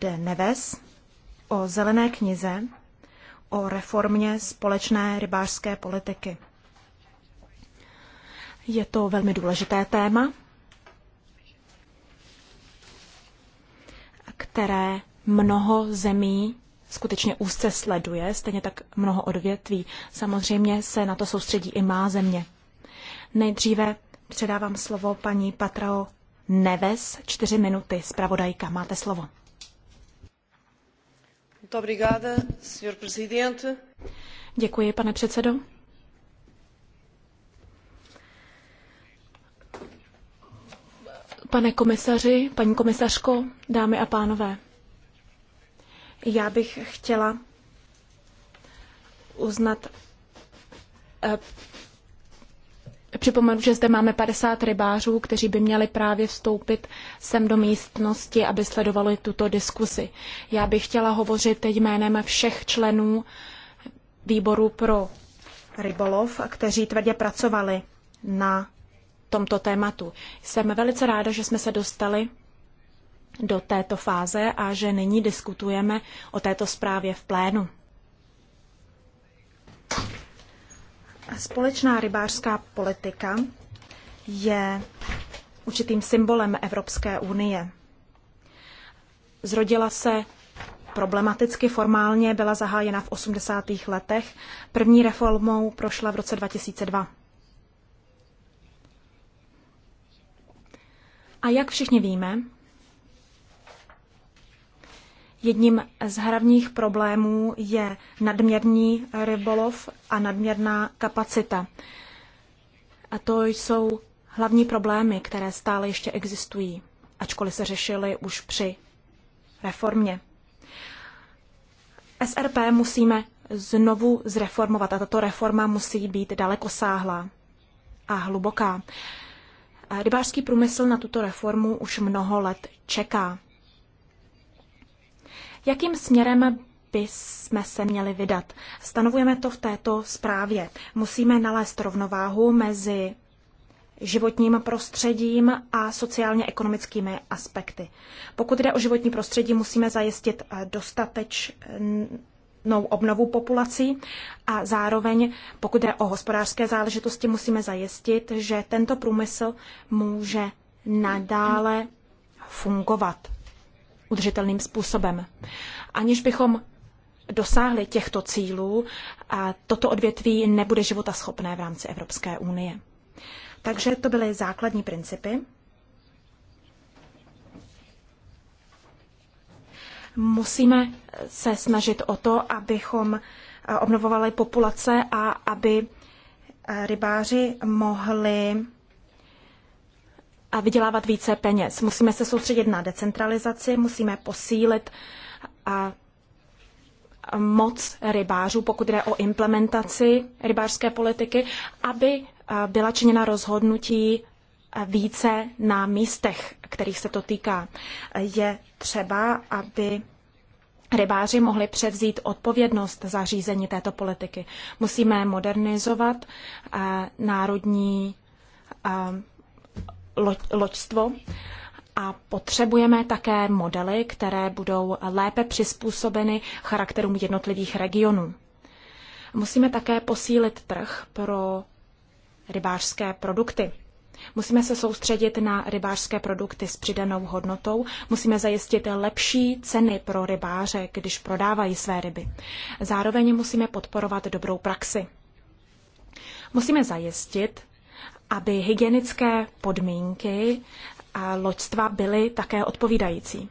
de Neves o zelené knize o reformě společné rybářské politiky. Je to velmi důležité téma, které mnoho zemí skutečně úzce sleduje, stejně tak mnoho odvětví. Samozřejmě se na to soustředí i má země. Nejdříve předávám slovo paní Patrao Neves, čtyři minuty, zpravodajka, máte slovo. Děkuji, pane předsedo. Pane komisaři, paní komisařko, dámy a pánové, já bych chtěla uznat eh, Připomenu, že zde máme 50 rybářů, kteří by měli právě vstoupit sem do místnosti, aby sledovali tuto diskusi. Já bych chtěla hovořit teď jménem všech členů výboru pro rybolov, kteří tvrdě pracovali na tomto tématu. Jsem velice ráda, že jsme se dostali do této fáze a že nyní diskutujeme o této zprávě v plénu. Společná rybářská politika je určitým symbolem Evropské unie. Zrodila se problematicky formálně, byla zahájena v 80. letech, první reformou prošla v roce 2002. A jak všichni víme, Jedním z hlavních problémů je nadměrný rybolov a nadměrná kapacita. A to jsou hlavní problémy, které stále ještě existují, ačkoliv se řešily už při reformě. SRP musíme znovu zreformovat a tato reforma musí být dalekosáhlá a hluboká. Rybářský průmysl na tuto reformu už mnoho let čeká. Jakým směrem by jsme se měli vydat? Stanovujeme to v této zprávě. Musíme nalézt rovnováhu mezi životním prostředím a sociálně-ekonomickými aspekty. Pokud jde o životní prostředí, musíme zajistit eh, dostatečnou obnovu populací a zároveň, pokud jde o hospodářské záležitosti, musíme zajistit, že tento průmysl může nadále fungovat udržitelným způsobem. Aniž bychom dosáhli těchto cílů, a toto odvětví nebude života schopné v rámci Evropské unie. Takže to byly základní principy. Musíme se snažit o to, abychom e, obnovovali populace a aby e, rybáři mohli a vydělávat více peněz. Musíme se soustředit na decentralizaci, musíme posílit a moc rybářů, pokud jde o implementaci rybářské politiky, aby byla činěna rozhodnutí více na místech, kterých se to týká. Je třeba, aby rybáři mohli převzít odpovědnost za řízení této politiky. Musíme modernizovat národní loď, loďstvo a potřebujeme také modely, které budou lépe přizpůsobeny charakterům jednotlivých regionů. Musíme také posílit trh pro rybářské produkty. Musíme se soustředit na rybářské produkty s přidanou hodnotou, musíme zajistit lepší ceny pro rybáře, když prodávají své ryby. Zároveň musíme podporovat dobrou praxi. Musíme zajistit, aby hygienické podmínky a loďstva byly také odpovídající.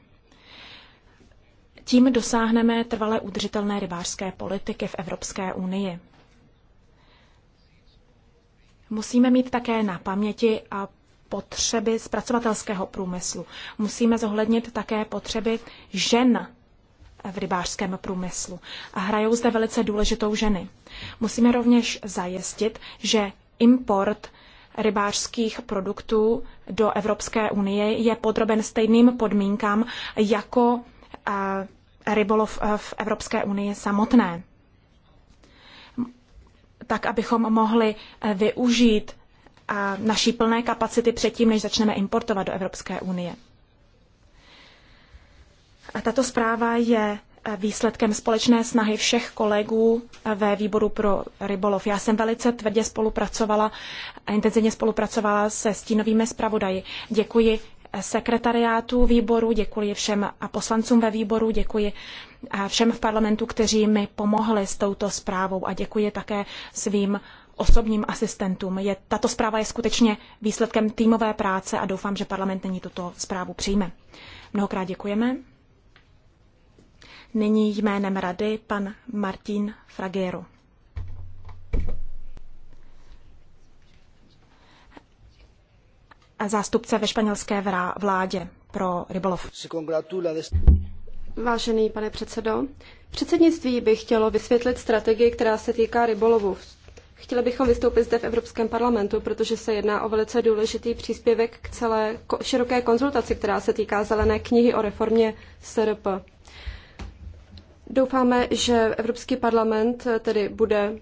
Tím dosáhneme trvalé udržitelné rybářské politiky v Evropské unii. Musíme mít také na paměti a potřeby zpracovatelského průmyslu. Musíme zohlednit také potřeby žen v rybářském průmyslu. A hrajou zde velice důležitou ženy. Musíme rovněž zajistit, že import rybářských produktů do Evropské unie je podroben stejným podmínkám jako eh, rybolov eh, v Evropské unii samotné. Tak, abychom mohli eh, využít naší plné kapacity předtím, než začneme importovat do Evropské unie. A tato zpráva je výsledkem společné snahy všech kolegů ve výboru pro rybolov. Já jsem velice tvrdě spolupracovala a intenzivně spolupracovala se stínovými zpravodaji. Děkuji sekretariátu výboru, děkuji všem poslancům ve výboru, děkuji všem v parlamentu, kteří mi pomohli s touto zprávou a děkuji také svým osobním asistentům. Je, tato zpráva je skutečně výsledkem týmové práce a doufám, že parlament není tuto zprávu přijme. Mnohokrát děkujeme. Nyní jménem rady pan Martin Fragero. Zástupce ve španělské vládě pro rybolov. Vážený pane předsedo, předsednictví bych chtělo vysvětlit strategii, která se týká rybolovu. Chtěli bychom vystoupit zde v Evropském parlamentu, protože se jedná o velice důležitý příspěvek k celé široké konzultaci, která se týká zelené knihy o reformě SRP. Doufáme, že Evropský parlament tedy bude,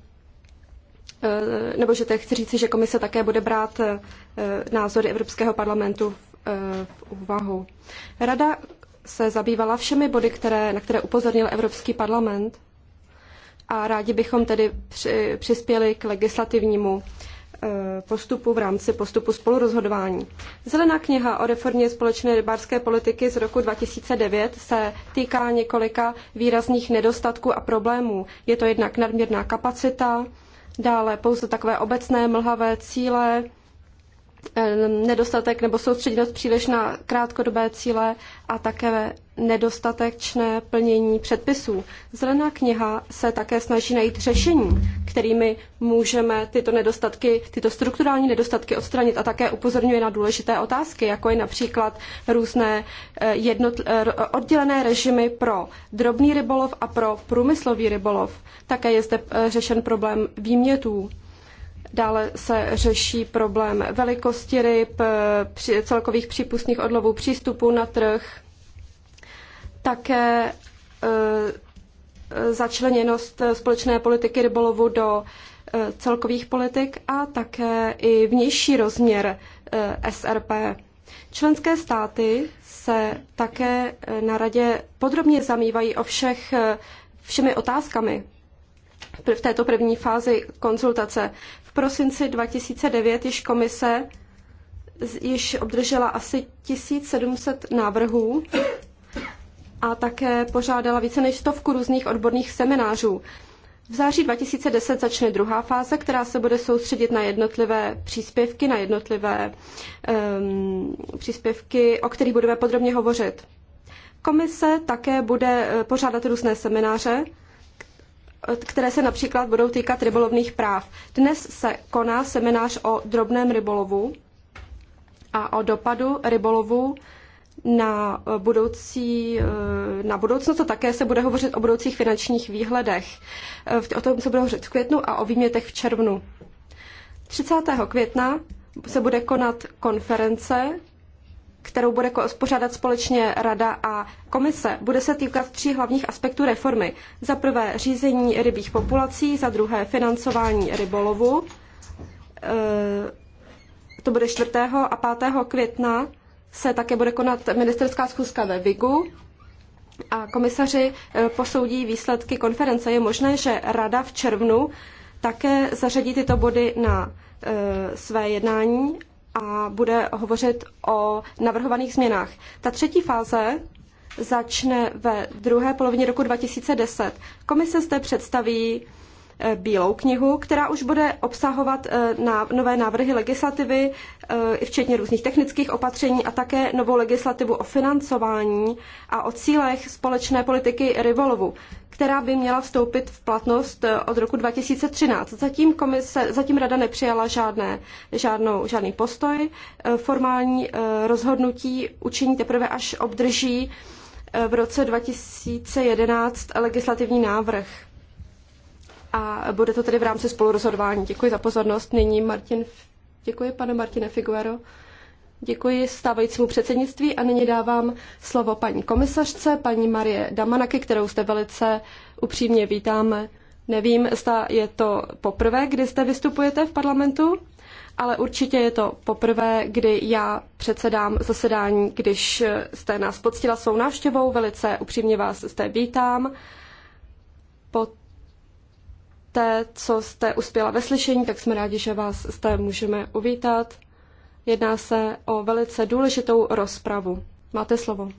eh, nebo že teď chci říci, že komise také bude brát eh, názory Evropského parlamentu eh, v úvahu. Rada se zabývala všemi body, které, na které upozornil Evropský parlament a rádi bychom tedy při, přispěli k legislativnímu Eh, postupu v rámci postupu spolurozhodování. Zelená kniha o reformě společné rybářské politiky z roku 2009 se týká několika výrazných nedostatků a problémů. Je to jednak nadměrná kapacita, dále pouze takové obecné mlhavé cíle, nedostatek nebo soustředěnost příliš na krátkodobé cíle a také nedostatečné plnění předpisů. Zelená kniha se také snaží najít řešení, kterými můžeme tyto nedostatky, tyto strukturální nedostatky odstranit a také upozorňuje na důležité otázky, jako je například různé eh, jednotl, eh, oddělené režimy pro drobný rybolov a pro průmyslový rybolov. Také je zde eh, řešen problém výmětů Dále se řeší problém velikosti ryb, eh, celkových přípustných odlovů přístupu na trh, také eh, začleněnost společné politiky rybolovu do eh, celkových politik a také i vnější rozměr SRP. Členské státy se také na radě podrobně zamývají o všech, všemi otázkami v této první fázi konzultace. V prosinci 2009 již komise již obdržela asi 1700 návrhů a také pořádala více než stovku různých odborných seminářů. V září 2010 začne druhá fáze, která se bude soustředit na jednotlivé příspěvky, na jednotlivé um, příspěvky, o kterých budeme podrobně hovořit. Komise také bude eh, pořádat různé semináře, které se například budou týkat rybolovných práv. Dnes se koná seminář o drobném rybolovu a o dopadu rybolovu na, budoucí, na budoucnost a také se bude hovořit o budoucích finančních výhledech. O tom se bude hovořit v květnu a o výmětech v červnu. 30. května se bude konat konference kterou bude pořádat společně Rada a Komise, bude se týkat tří hlavních aspektů reformy. Za prvé řízení rybích populací, za druhé financování rybolovu, e, to bude 4. a 5. května se také bude konat ministerská schůzka ve Vigu a komisaři e, posoudí výsledky konference. Je možné, že Rada v červnu také zařadí tyto body na e, své jednání a bude hovořit o navrhovaných změnách. Ta třetí fáze začne ve druhé polovině roku 2010. Komise zde představí Eh, bílou knihu, která už bude obsahovat eh, nové návrhy legislativy, eh, včetně různých technických opatření a také novou legislativu o financování a o cílech společné politiky rybolovu, která by měla vstoupit v platnost od roku 2013. Zatím, komise, zatím rada nepřijala žádné, žádnou, žádný postoj. Formální rozhodnutí učiní teprve až obdrží v roce 2011 legislativní návrh a bude to tedy v rámci spolurozhodování. Děkuji za pozornost. Nyní Martin, děkuji pane Martine Figuero. Děkuji stávajícímu předsednictví a nyní dávám slovo paní komisařce, paní Marie Damanaky, kterou jste velice upřímně vítáme. Nevím, zda je to poprvé, kdy jste vystupujete v parlamentu, ale určitě je to poprvé, kdy já předsedám zasedání, když jste nás poctila svou návštěvou. Velice upřímně vás zde vítám. Po té, co jste uspěla ve slyšení, tak jsme rádi, že vás zde můžeme uvítat. Jedná se o velice důležitou rozpravu. Máte slovo.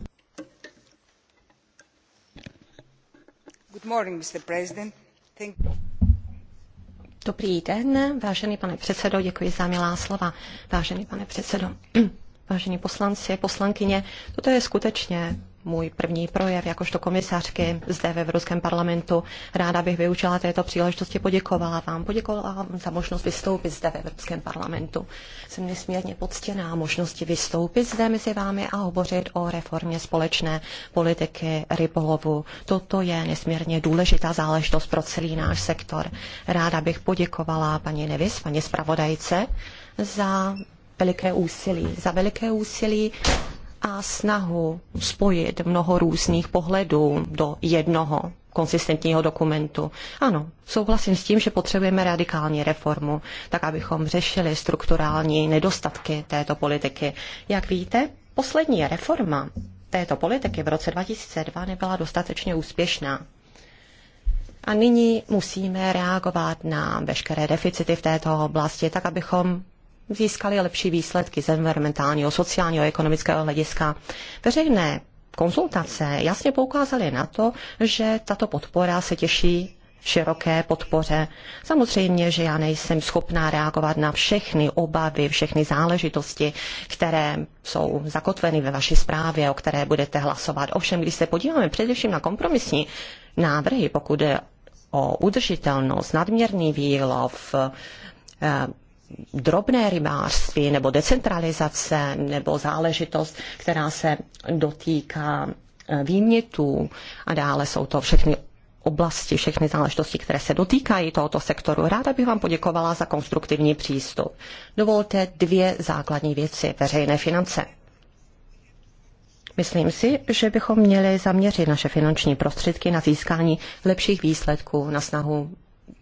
Dobrý den, vážený pane předsedo, děkuji za milá slova. Vážený pane předsedo, vážení poslanci, poslankyně, toto je skutečně můj první projev jakožto komisařky zde ve Evropském parlamentu. Ráda bych vyučila této příležitosti, poděkovala vám, poděkovala vám za možnost vystoupit zde ve Evropském parlamentu. Jsem nesmírně poctěná možnosti vystoupit zde mezi vámi a hovořit o reformě společné politiky rybolovu. Toto je nesmírně důležitá záležitost pro celý náš sektor. Ráda bych poděkovala paní Nevis, paní zpravodajce, za veliké úsilí. Za veliké úsilí a snahu spojit mnoho různých pohledů do jednoho konsistentního dokumentu. Ano, souhlasím s tím, že potřebujeme radikální reformu, tak abychom řešili strukturální nedostatky této politiky. Jak víte, poslední reforma této politiky v roce 2002 nebyla dostatečně úspěšná. A nyní musíme reagovat na veškeré deficity v této oblasti, tak abychom získali lepší výsledky z environmentálního, sociálního, ekonomického hlediska. Veřejné konzultace jasně poukázaly na to, že tato podpora se těší široké podpoře. Samozřejmě, že já nejsem schopná reagovat na všechny obavy, všechny záležitosti, které jsou zakotveny ve vaší zprávě, o které budete hlasovat. Ovšem, když se podíváme především na kompromisní návrhy, pokud je o udržitelnost, nadměrný výlov, eh, drobné rybářství nebo decentralizace nebo záležitost, která se dotýká e, výmětů a dále jsou to všechny oblasti, všechny záležitosti, které se dotýkají tohoto sektoru. Ráda bych vám poděkovala za konstruktivní přístup. Dovolte dvě základní věci. Veřejné finance. Myslím si, že bychom měli zaměřit naše finanční prostředky na získání lepších výsledků, na snahu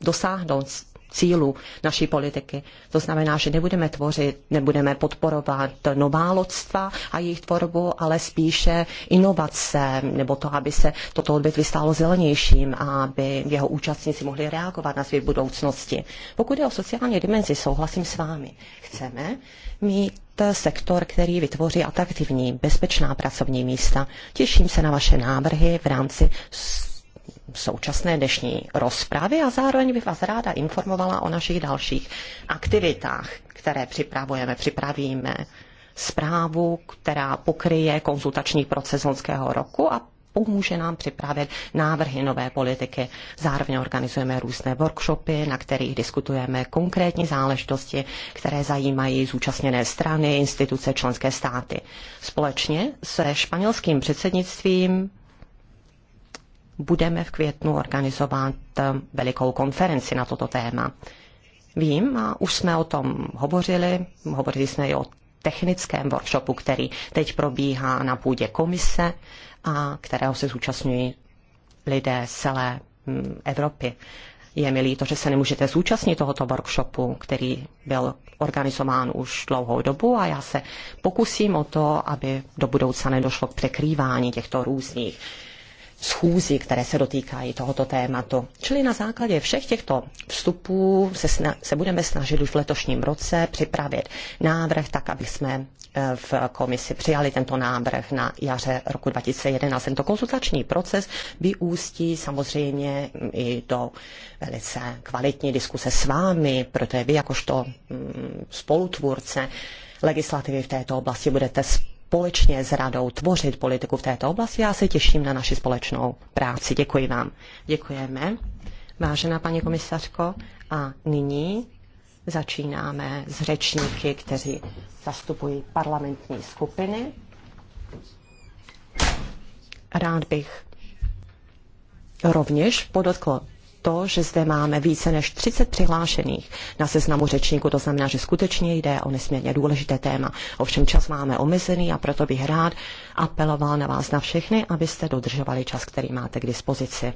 dosáhnout cílů naší politiky. To znamená, že nebudeme tvořit, nebudeme podporovat nová loďstva a jejich tvorbu, ale spíše inovace, nebo to, aby se toto odvětví stalo zelenějším a aby jeho účastníci mohli reagovat na svět budoucnosti. Pokud je o sociální dimenzi, souhlasím s vámi. Chceme mít sektor, který vytvoří atraktivní, bezpečná pracovní místa. Těším se na vaše návrhy v rámci současné dnešní rozpravy a zároveň bych vás ráda informovala o našich dalších aktivitách, které připravujeme, připravíme zprávu, která pokryje konzultační proces loňského roku a pomůže nám připravit návrhy nové politiky. Zároveň organizujeme různé workshopy, na kterých diskutujeme konkrétní záležitosti, které zajímají zúčastněné strany, instituce, členské státy. Společně se španělským předsednictvím budeme v květnu organizovat eh, velikou konferenci na toto téma. Vím, a už jsme o tom hovořili, hovořili jsme i o technickém workshopu, který teď probíhá na půdě komise a kterého se zúčastňují lidé z celé mm, Evropy. Je mi líto, že se nemůžete zúčastnit tohoto workshopu, který byl organizován už dlouhou dobu a já se pokusím o to, aby do budoucna nedošlo k překrývání těchto různých schůzí, které se dotýkají tohoto tématu. Čili na základě všech těchto vstupů se, sna- se budeme snažit už v letošním roce připravit návrh tak, aby jsme eh, v komisi přijali tento návrh na jaře roku 2011. Tento konzultační proces vyústí samozřejmě i do velice kvalitní diskuse s vámi, protože vy jakožto mm, spolutvůrce legislativy v této oblasti budete spolupracovat společně s radou tvořit politiku v této oblasti. Já se těším na naši společnou práci. Děkuji vám. Děkujeme, vážená paní komisařko. A nyní začínáme s řečníky, kteří zastupují parlamentní skupiny. Rád bych rovněž podotkl to, že zde máme více než 30 přihlášených na seznamu řečníků. To znamená, že skutečně jde o nesmírně důležité téma. Ovšem čas máme omezený a proto bych rád apeloval na vás na všechny, abyste dodržovali čas, který máte k dispozici.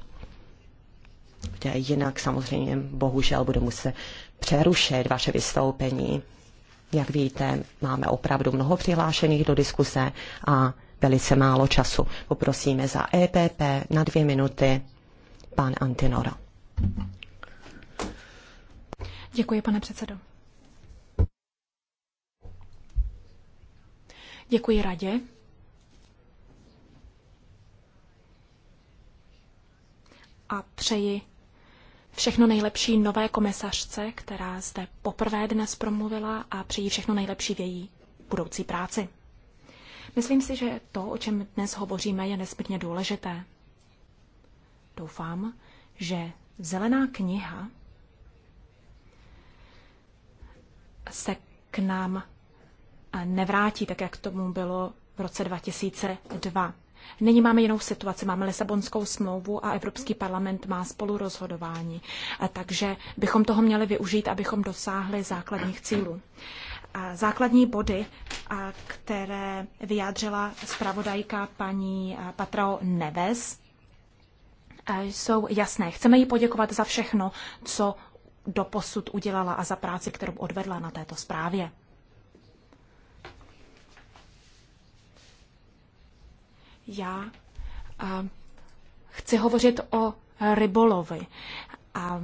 jinak samozřejmě bohužel budu muset přerušit vaše vystoupení. Jak víte, máme opravdu mnoho přihlášených do diskuse a velice málo času. Poprosíme za EPP na dvě minuty pan Antinora. Děkuji, pane předsedo. Děkuji radě. A přeji všechno nejlepší nové komisařce, která zde poprvé dnes promluvila a přeji všechno nejlepší v její budoucí práci. Myslím si, že to, o čem dnes hovoříme, je nesmírně důležité. Doufám, že Zelená kniha se k nám eh, nevrátí, tak jak tomu bylo v roce 2002. Nyní máme jinou situaci. Máme Lisabonskou smlouvu a Evropský parlament má spolu rozhodování. Eh, takže bychom toho měli využít, abychom dosáhli základních cílů. Eh, základní body, které vyjádřila zpravodajka paní Patrao Neves, jsou jasné. Chceme jí poděkovat za všechno, co doposud udělala a za práci, kterou odvedla na této zprávě. Já chci hovořit o rybolovi, a,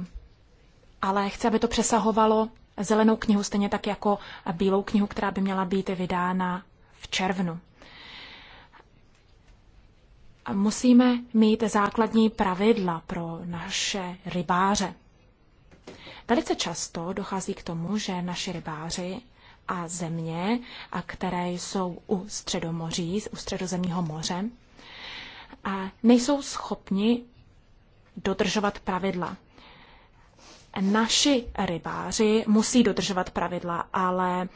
ale chci, aby to přesahovalo zelenou knihu, stejně tak jako bílou knihu, která by měla být vydána v červnu musíme mít základní pravidla pro naše rybáře. Velice často dochází k tomu, že naši rybáři a země, a které jsou u středomoří, u středozemního moře, a nejsou schopni dodržovat pravidla. Naši rybáři musí dodržovat pravidla, ale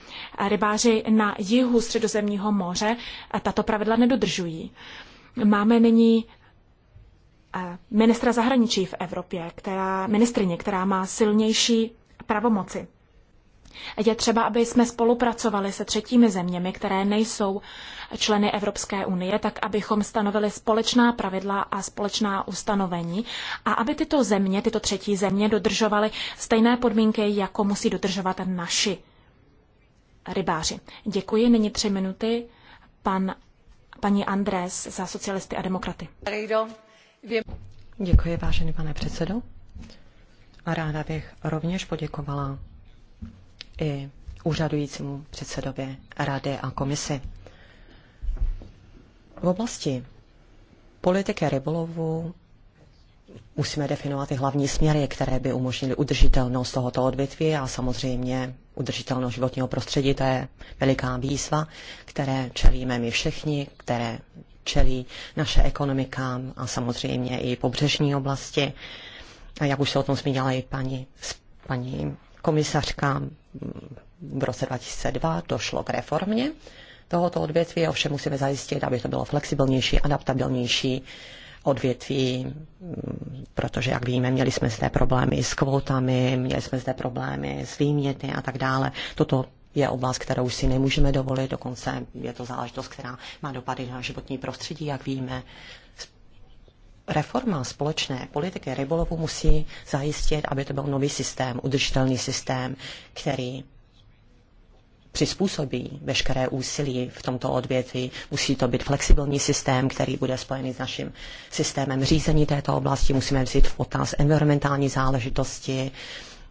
rybáři na jihu středozemního moře tato pravidla nedodržují. Máme nyní eh, ministra zahraničí v Evropě, která, ministrině, která má silnější pravomoci. Je třeba, aby jsme spolupracovali se třetími zeměmi, které nejsou členy Evropské unie, tak abychom stanovili společná pravidla a společná ustanovení a aby tyto země, tyto třetí země dodržovaly stejné podmínky, jako musí dodržovat naši rybáři. Děkuji, nyní tři minuty. Pan paní Andrés za socialisty a demokraty. Děkuji, vážený pane předsedo. A ráda bych rovněž poděkovala i úřadujícímu předsedovi Rady a komisi. V oblasti politiky rybolovu musíme definovat i hlavní směry, které by umožnily udržitelnost tohoto odvětví a samozřejmě udržitelnost životního prostředí, to je veliká výzva, které čelíme my všichni, které čelí naše ekonomika a samozřejmě i pobřežní oblasti. A jak už se o tom zmínila i paní, paní komisařka, v roce 2002 došlo k reformě tohoto odvětví, ovšem musíme zajistit, aby to bylo flexibilnější, adaptabilnější odvětví, protože, jak víme, měli jsme zde problémy s kvótami, měli jsme zde problémy s výměty a tak dále. Toto je oblast, kterou si nemůžeme dovolit, dokonce je to záležitost, která má dopady na životní prostředí, jak víme. Reforma společné politiky rybolovu musí zajistit, aby to byl nový systém, udržitelný systém, který přizpůsobí veškeré úsilí v tomto odvětví. Musí to být flexibilní systém, který bude spojený s naším systémem řízení této oblasti. Musíme vzít v potaz environmentální záležitosti,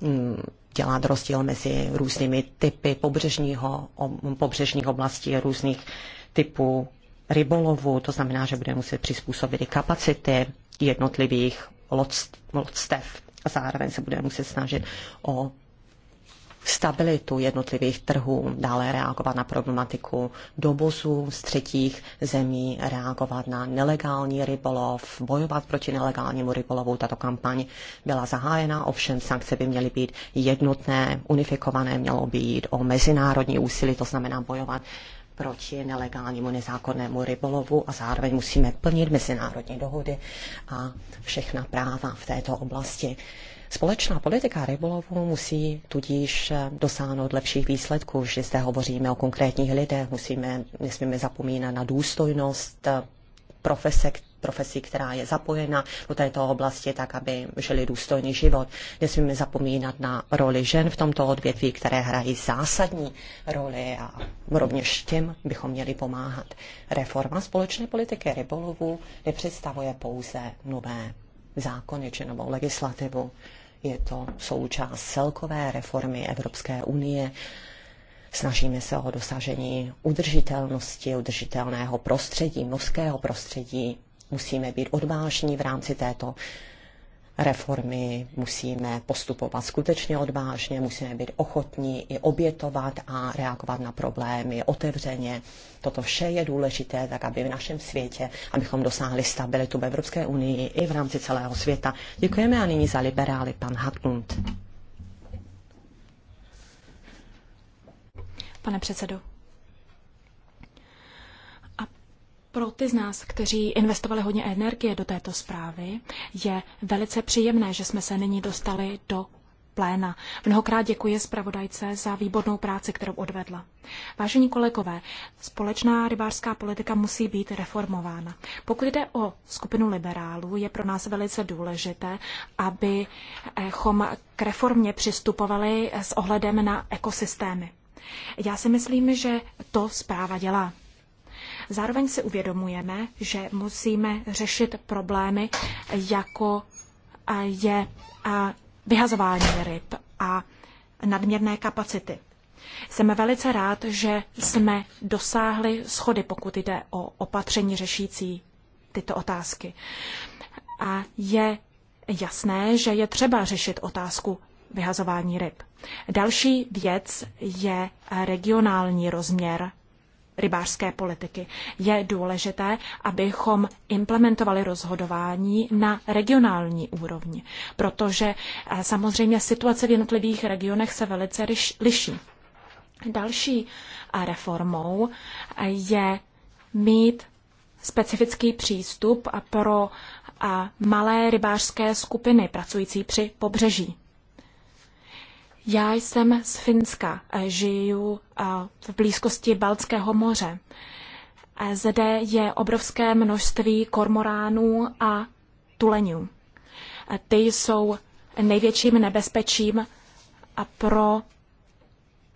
mm, dělat rozdíl mezi různými typy pobřežního, pobřežních oblastí, různých typů rybolovu. To znamená, že bude muset přizpůsobit i kapacity jednotlivých lodstev. A zároveň se bude muset snažit o stabilitu jednotlivých trhů, dále reagovat na problematiku dovozu z třetích zemí, reagovat na nelegální rybolov, bojovat proti nelegálnímu rybolovu. Tato kampaň byla zahájena, ovšem sankce by měly být jednotné, unifikované, mělo by jít o mezinárodní úsilí, to znamená bojovat proti nelegálnímu nezákonnému rybolovu a zároveň musíme plnit mezinárodní dohody a všechna práva v této oblasti. Společná politika rybolovu musí tudíž eh, dosáhnout lepších výsledků, že zde hovoříme o konkrétních lidech, musíme, nesmíme zapomínat na důstojnost eh, profese, profesí, která je zapojena do této oblasti, tak aby žili důstojný život. Nesmíme zapomínat na roli žen v tomto odvětví, které hrají zásadní roli a rovněž těm bychom měli pomáhat. Reforma společné politiky rybolovu nepředstavuje pouze nové zákony či novou legislativu je to součást celkové reformy Evropské unie. Snažíme se o dosažení udržitelnosti, udržitelného prostředí, mořského prostředí. Musíme být odvážní v rámci této reformy, musíme postupovat skutečně odvážně, musíme být ochotní i obětovat a reagovat na problémy otevřeně. Toto vše je důležité, tak aby v našem světě, abychom dosáhli stabilitu v Evropské unii i v rámci celého světa. Děkujeme a nyní za liberály pan Hartmund. Pane předsedo, Pro ty z nás, kteří investovali hodně energie do této zprávy, je velice příjemné, že jsme se nyní dostali do pléna. Mnohokrát děkuji zpravodajce za výbornou práci, kterou odvedla. Vážení kolegové, společná rybářská politika musí být reformována. Pokud jde o skupinu liberálů, je pro nás velice důležité, abychom k reformě přistupovali s ohledem na ekosystémy. Já si myslím, že to zpráva dělá. Zároveň si uvědomujeme, že musíme řešit problémy, jako je vyhazování ryb a nadměrné kapacity. Jsem velice rád, že jsme dosáhli schody, pokud jde o opatření řešící tyto otázky. A je jasné, že je třeba řešit otázku vyhazování ryb. Další věc je regionální rozměr rybářské politiky. Je důležité, abychom implementovali rozhodování na regionální úrovni, protože eh, samozřejmě situace v jednotlivých regionech se velice liší. Další eh, reformou eh, je mít specifický přístup pro malé rybářské skupiny pracující při pobřeží. Já jsem z Finska, e, žiju e, v blízkosti Baltského moře. E, Zde je obrovské množství kormoránů a tuleňů. Ty jsou největším nebezpečím pro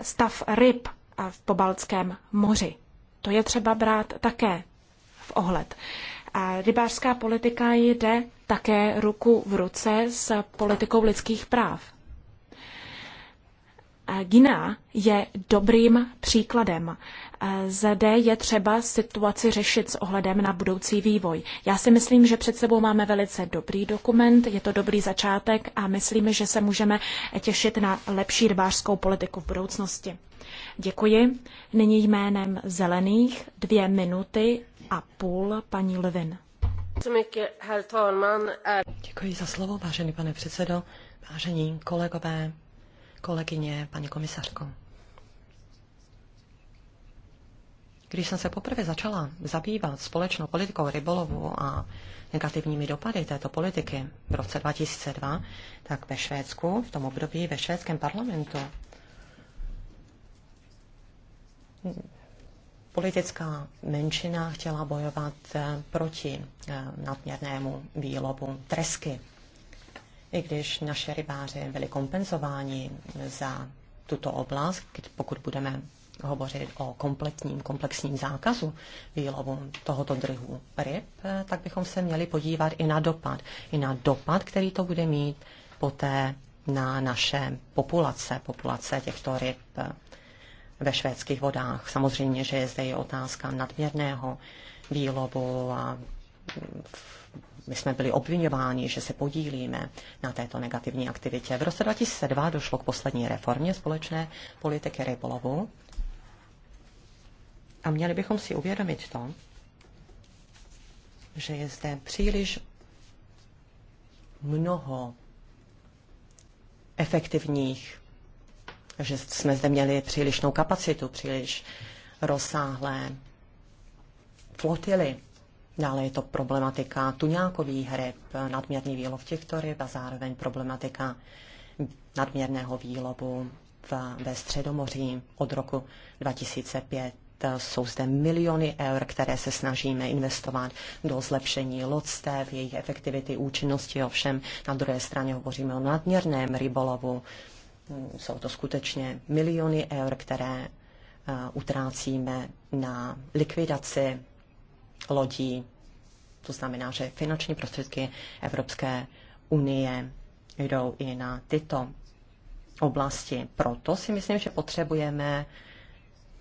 stav ryb v Pobaltském moři. To je třeba brát také v ohled. A rybářská politika jde také ruku v ruce s politikou lidských práv. Gina je dobrým příkladem. Zde je třeba situaci řešit s ohledem na budoucí vývoj. Já si myslím, že před sebou máme velice dobrý dokument, je to dobrý začátek a myslím, že se můžeme těšit na lepší rybářskou politiku v budoucnosti. Děkuji. Nyní jménem Zelených dvě minuty a půl paní Levin. Děkuji za slovo, vážený pane předsedo, vážení kolegové, kolegyně, paní komisařko. Když jsem se poprvé začala zabývat společnou politikou rybolovu a negativními dopady této politiky v roce 2002, tak ve Švédsku, v tom období ve švédském parlamentu, politická menšina chtěla bojovat eh, proti eh, nadměrnému výlobu tresky i když naše rybáři byli kompenzováni za tuto oblast, pokud budeme hovořit o kompletním, komplexním zákazu výlovu tohoto druhu ryb, tak bychom se měli podívat i na dopad. I na dopad, který to bude mít poté na naše populace, populace těchto ryb ve švédských vodách. Samozřejmě, že je zde i otázka nadměrného výlovu a v my jsme byli obvinováni, že se podílíme na této negativní aktivitě. V roce 2002 došlo k poslední reformě společné politiky rybolovu a měli bychom si uvědomit to, že je zde příliš mnoho efektivních, že jsme zde měli přílišnou kapacitu, příliš rozsáhlé flotily Dále je to problematika tuňákových ryb, nadměrný výlov těchto ryb a zároveň problematika nadměrného výlovu v, ve Středomoří od roku 2005. Jsou zde miliony eur, které se snažíme investovat do zlepšení lodstev, jejich efektivity, účinnosti. Ovšem na druhé straně hovoříme o nadměrném rybolovu. Jsou to skutečně miliony eur, které eh, utrácíme na likvidaci lodí. To znamená, že finanční prostředky Evropské unie jdou i na tyto oblasti. Proto si myslím, že potřebujeme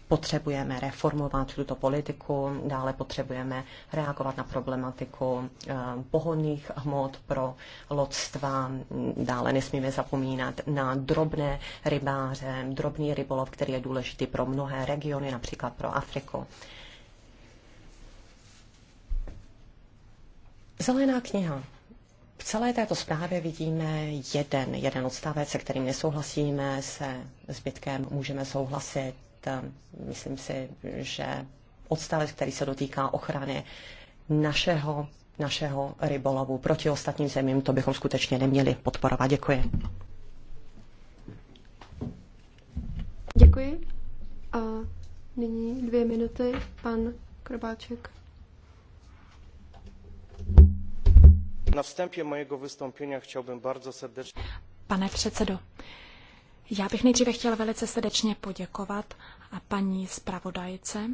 potřebujeme reformovat tuto politiku, dále potřebujeme reagovat na problematiku eh, pohodných hmot pro lodstva, dále nesmíme zapomínat na drobné rybáře, drobný rybolov, který je důležitý pro mnohé regiony, například pro Afriku. Zelená kniha. V celé této zprávě vidíme jeden, jeden odstavec, se kterým nesouhlasíme, se zbytkem můžeme souhlasit. Myslím si, že odstavec, který se dotýká ochrany našeho, našeho rybolovu proti ostatním zemím, to bychom skutečně neměli podporovat. Děkuji. Děkuji. A nyní dvě minuty pan Krobáček. Na vstępie mojego wystąpienia chciałbym bardzo serdecznie... Pane předsedo, já bych nejdříve chtěl velice srdečně poděkovat a paní zpravodajce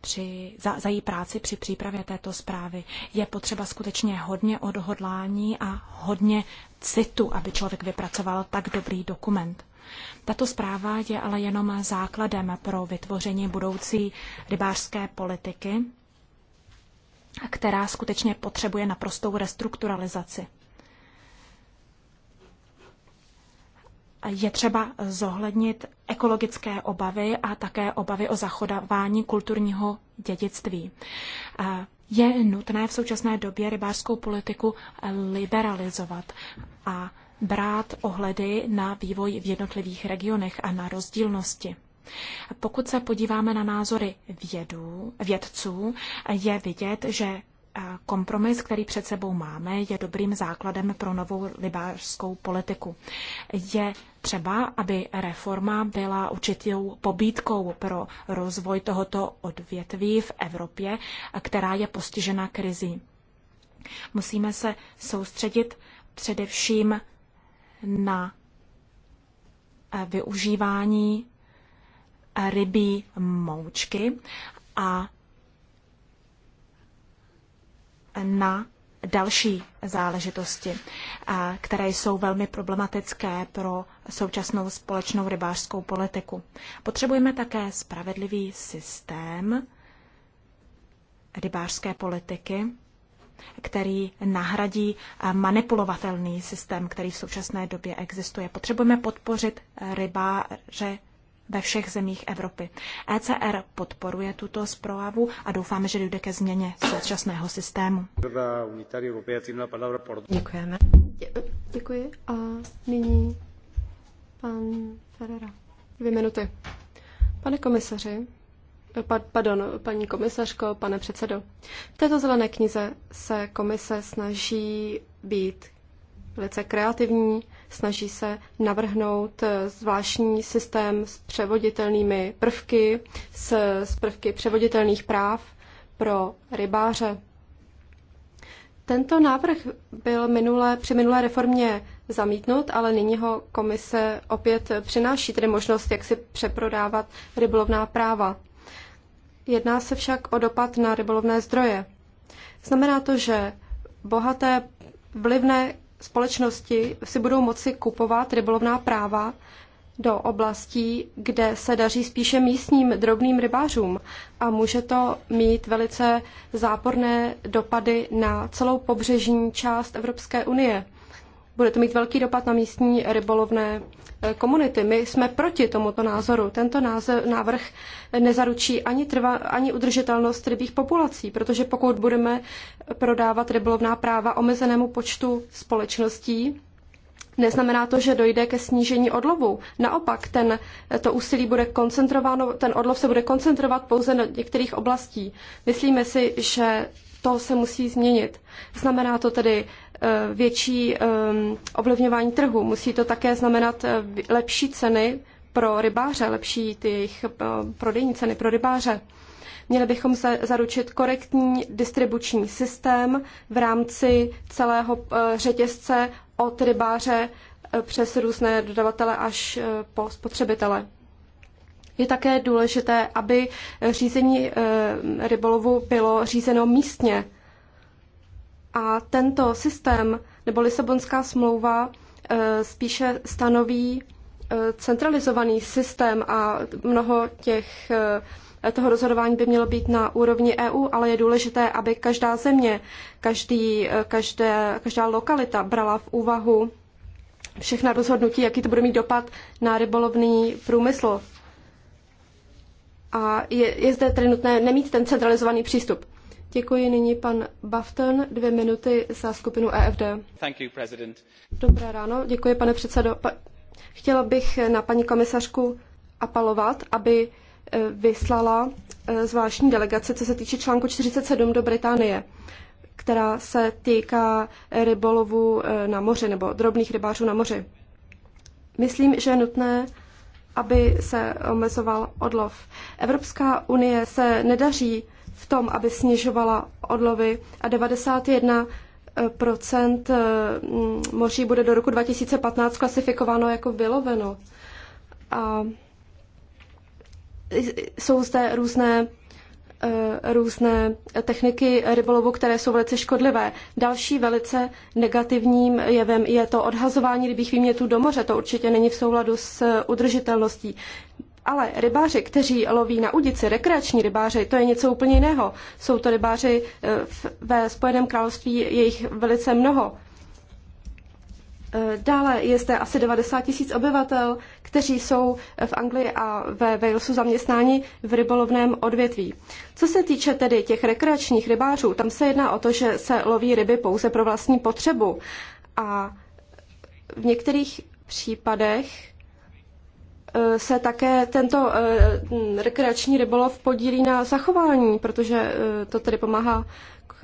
při, za, za její práci při přípravě této zprávy. Je potřeba skutečně hodně odhodlání a hodně citu, aby člověk vypracoval tak dobrý dokument. Tato zpráva je ale jenom základem pro vytvoření budoucí rybářské politiky která skutečně potřebuje naprostou restrukturalizaci. Je třeba zohlednit ekologické obavy a také obavy o zachodování kulturního dědictví. Je nutné v současné době rybářskou politiku liberalizovat a brát ohledy na vývoj v jednotlivých regionech a na rozdílnosti. Pokud se podíváme na názory vědů, vědců, je vidět, že eh, kompromis, který před sebou máme, je dobrým základem pro novou libářskou politiku. Je třeba, aby reforma byla určitou pobídkou pro rozvoj tohoto odvětví v Evropě, která je postižena krizí. Musíme se soustředit především na eh, využívání rybí moučky a na další záležitosti, které jsou velmi problematické pro současnou společnou rybářskou politiku. Potřebujeme také spravedlivý systém rybářské politiky, který nahradí manipulovatelný systém, který v současné době existuje. Potřebujeme podpořit rybáře ve všech zemích Evropy. ECR podporuje tuto zprávu a doufáme, že dojde ke změně současného systému. Děkujeme. Děkuji. A nyní pan Ferrera. Dvě minuty. Pane komisaři, eh, Pardon, paní komisařko, pane předsedo. V této zelené knize se komise snaží být velice kreativní Snaží se navrhnout eh, zvláštní systém s převoditelnými prvky, s, s prvky převoditelných práv pro rybáře. Tento návrh byl minule, při minulé reformě zamítnut, ale nyní ho komise opět přináší, tedy možnost, jak si přeprodávat rybolovná práva. Jedná se však o dopad na rybolovné zdroje. Znamená to, že bohaté vlivné společnosti si budou moci kupovat rybolovná práva do oblastí, kde se daří spíše místním drobným rybářům a může to mít velice záporné dopady na celou pobřežní část Evropské unie. Bude to mít velký dopad na místní rybolovné komunity. My jsme proti tomuto názoru. Tento název, návrh nezaručí ani, trva, ani udržitelnost rybích populací, protože pokud budeme prodávat rybolovná práva omezenému počtu společností, Neznamená to, že dojde ke snížení odlovu. Naopak, ten, to úsilí bude koncentrováno, ten odlov se bude koncentrovat pouze na některých oblastí. Myslíme si, že to se musí změnit. Znamená to tedy Eh, větší eh, ovlivňování trhu. Musí to také znamenat eh, lepší ceny pro rybáře, lepší ty jejich prodejní ceny pro rybáře. Měli bychom se zaručit korektní distribuční systém v rámci celého řetězce od rybáře přes různé dodavatele až po spotřebitele. Je také důležité, aby řízení rybolovu bylo řízeno místně a tento systém nebo Lisabonská smlouva eh, spíše stanoví eh, centralizovaný systém a mnoho těch eh, toho rozhodování by mělo být na úrovni EU, ale je důležité, aby každá země, každý, každé, každá lokalita brala v úvahu všechna rozhodnutí, jaký to bude mít dopad na rybolovný průmysl. A je, je zde tedy nutné nemít ten centralizovaný přístup. Děkuji nyní pan Bafton, dvě minuty za skupinu EFD. Thank you, president. Dobré ráno, děkuji pane předsedo. Pa... Chtěla bych na paní komisařku apelovat, aby e, vyslala e, zvláštní delegace, co se týče článku 47 do Británie, která se týká rybolovu e, na moři nebo drobných rybářů na moři. Myslím, že je nutné, aby se omezoval odlov. Evropská unie se nedaří v tom, aby snižovala odlovy a 91 eh, procent eh, moří bude do roku 2015 klasifikováno jako vyloveno. A jsou zde různé eh, různé techniky rybolovu, které jsou velice škodlivé. Další velice negativním jevem je to odhazování rybích výmětů do moře. To určitě není v souladu s udržitelností. Ale rybáři, kteří loví na udici, rekreační rybáři, to je něco úplně jiného. Jsou to rybáři eh, ve Spojeném království, je jich velice mnoho. Eh, dále je zde asi 90 tisíc obyvatel, kteří jsou v Anglii a ve Walesu zaměstnáni v rybolovném odvětví. Co se týče tedy těch rekreačních rybářů, tam se jedná o to, že se loví ryby pouze pro vlastní potřebu. A v některých případech Eh, se také tento eh, rekreační rybolov podílí na zachování, protože eh, to tedy pomáhá k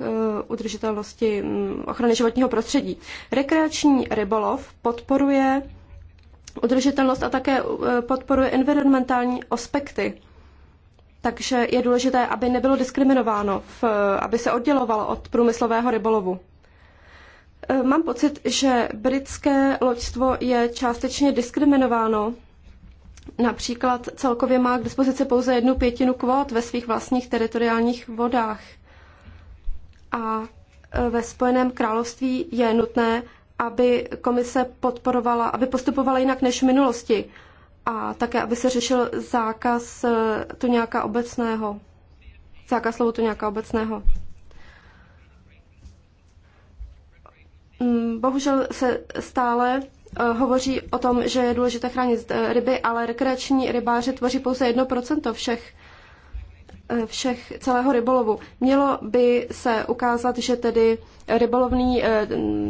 udržitelnosti mm, ochrany životního prostředí. Rekreační rybolov podporuje udržitelnost a také podporuje environmentální aspekty. Takže je důležité, aby nebylo diskriminováno, v, aby se oddělovalo od průmyslového rybolovu. Mám pocit, že britské loďstvo je částečně diskriminováno Například celkově má k dispozici pouze jednu pětinu kvót ve svých vlastních teritoriálních vodách. A e, ve Spojeném království je nutné, aby komise podporovala, aby postupovala jinak než v minulosti a také, aby se řešil zákaz e, tu nějaká obecného. Zákaz slovu tu nějaká obecného. Mm, bohužel se stále Eh, hovoří o tom, že je důležité chránit eh, ryby, ale rekreační rybáři tvoří pouze 1% všech eh, všech celého rybolovu. Mělo by se ukázat, že tedy rybolovný,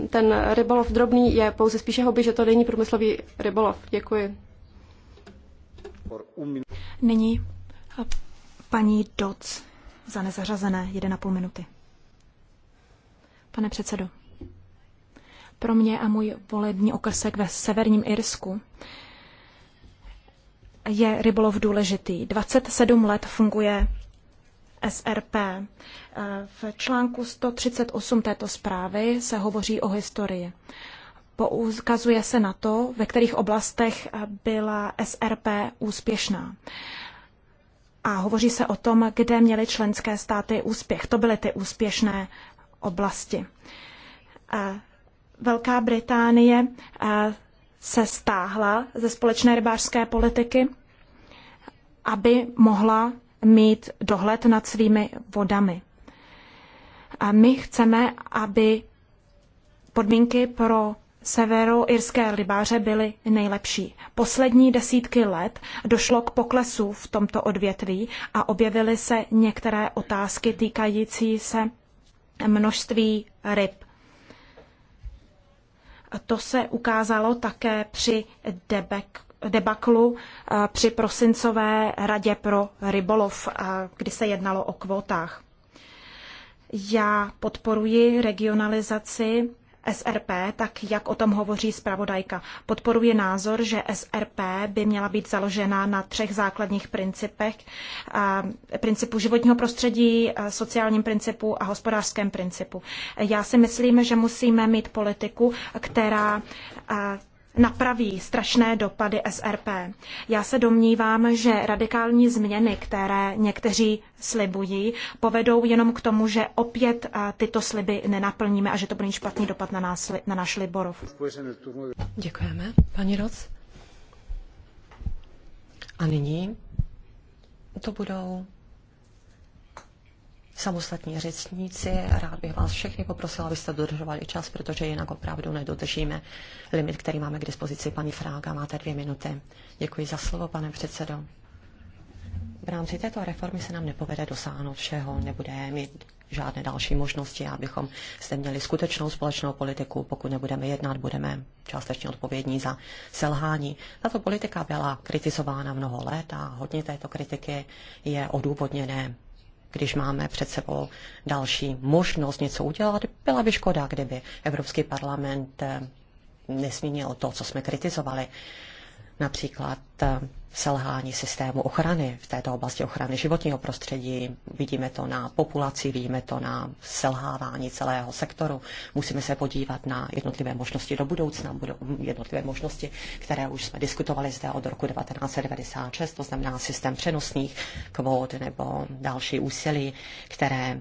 ten rybolov drobný je pouze spíše hobby, že to není průmyslový rybolov. Děkuji. Nyní paní Doc za nezařazené 1,5 minuty. Pane předsedo, pro mě a můj volební okrsek ve severním Irsku je rybolov důležitý. 27 let funguje SRP. Eh, v článku 138 této zprávy se hovoří o historii. Poukazuje se na to, ve kterých oblastech byla SRP úspěšná. A hovoří se o tom, kde měly členské státy úspěch. To byly ty úspěšné oblasti. Eh, Velká Británie eh, se stáhla ze společné rybářské politiky, aby mohla mít dohled nad svými vodami. A my chceme, aby podmínky pro severoirské rybáře byly nejlepší. Poslední desítky let došlo k poklesu v tomto odvětví a objevily se některé otázky týkající se množství ryb to se ukázalo také při debek, debaklu eh, při prosincové radě pro rybolov, eh, kdy se jednalo o kvótách. Já podporuji regionalizaci SRP, tak jak o tom hovoří zpravodajka. Podporuje názor, že SRP by měla být založena na třech základních principech. Principu životního prostředí, sociálním principu a hospodářském principu. Já si myslím, že musíme mít politiku, která napraví strašné dopady SRP. Já se domnívám, že radikální změny, které někteří slibují, povedou jenom k tomu, že opět eh, tyto sliby nenaplníme a že to bude špatný dopad na, nás, na náš Liborov. Děkujeme, paní Roc. A nyní to budou samostatní řečníci. Rád bych vás všechny poprosila, abyste dodržovali čas, protože jinak opravdu nedodržíme limit, který máme k dispozici. Paní Frága, máte dvě minuty. Děkuji za slovo, pane předsedo. V rámci této reformy se nám nepovede dosáhnout všeho, nebudeme mít žádné další možnosti, abychom zde měli skutečnou společnou politiku. Pokud nebudeme jednat, budeme částečně odpovědní za selhání. Tato politika byla kritizována mnoho let a hodně této kritiky je odůvodněné když máme před sebou další možnost něco udělat. Byla by škoda, kdyby Evropský parlament eh, nesmínil to, co jsme kritizovali například eh, selhání systému ochrany v této oblasti ochrany životního prostředí. Vidíme to na populaci, vidíme to na selhávání celého sektoru. Musíme se podívat na jednotlivé možnosti do budoucna, jednotlivé možnosti, které už jsme diskutovali zde od roku 1996, to znamená systém přenosných kvót nebo další úsilí, které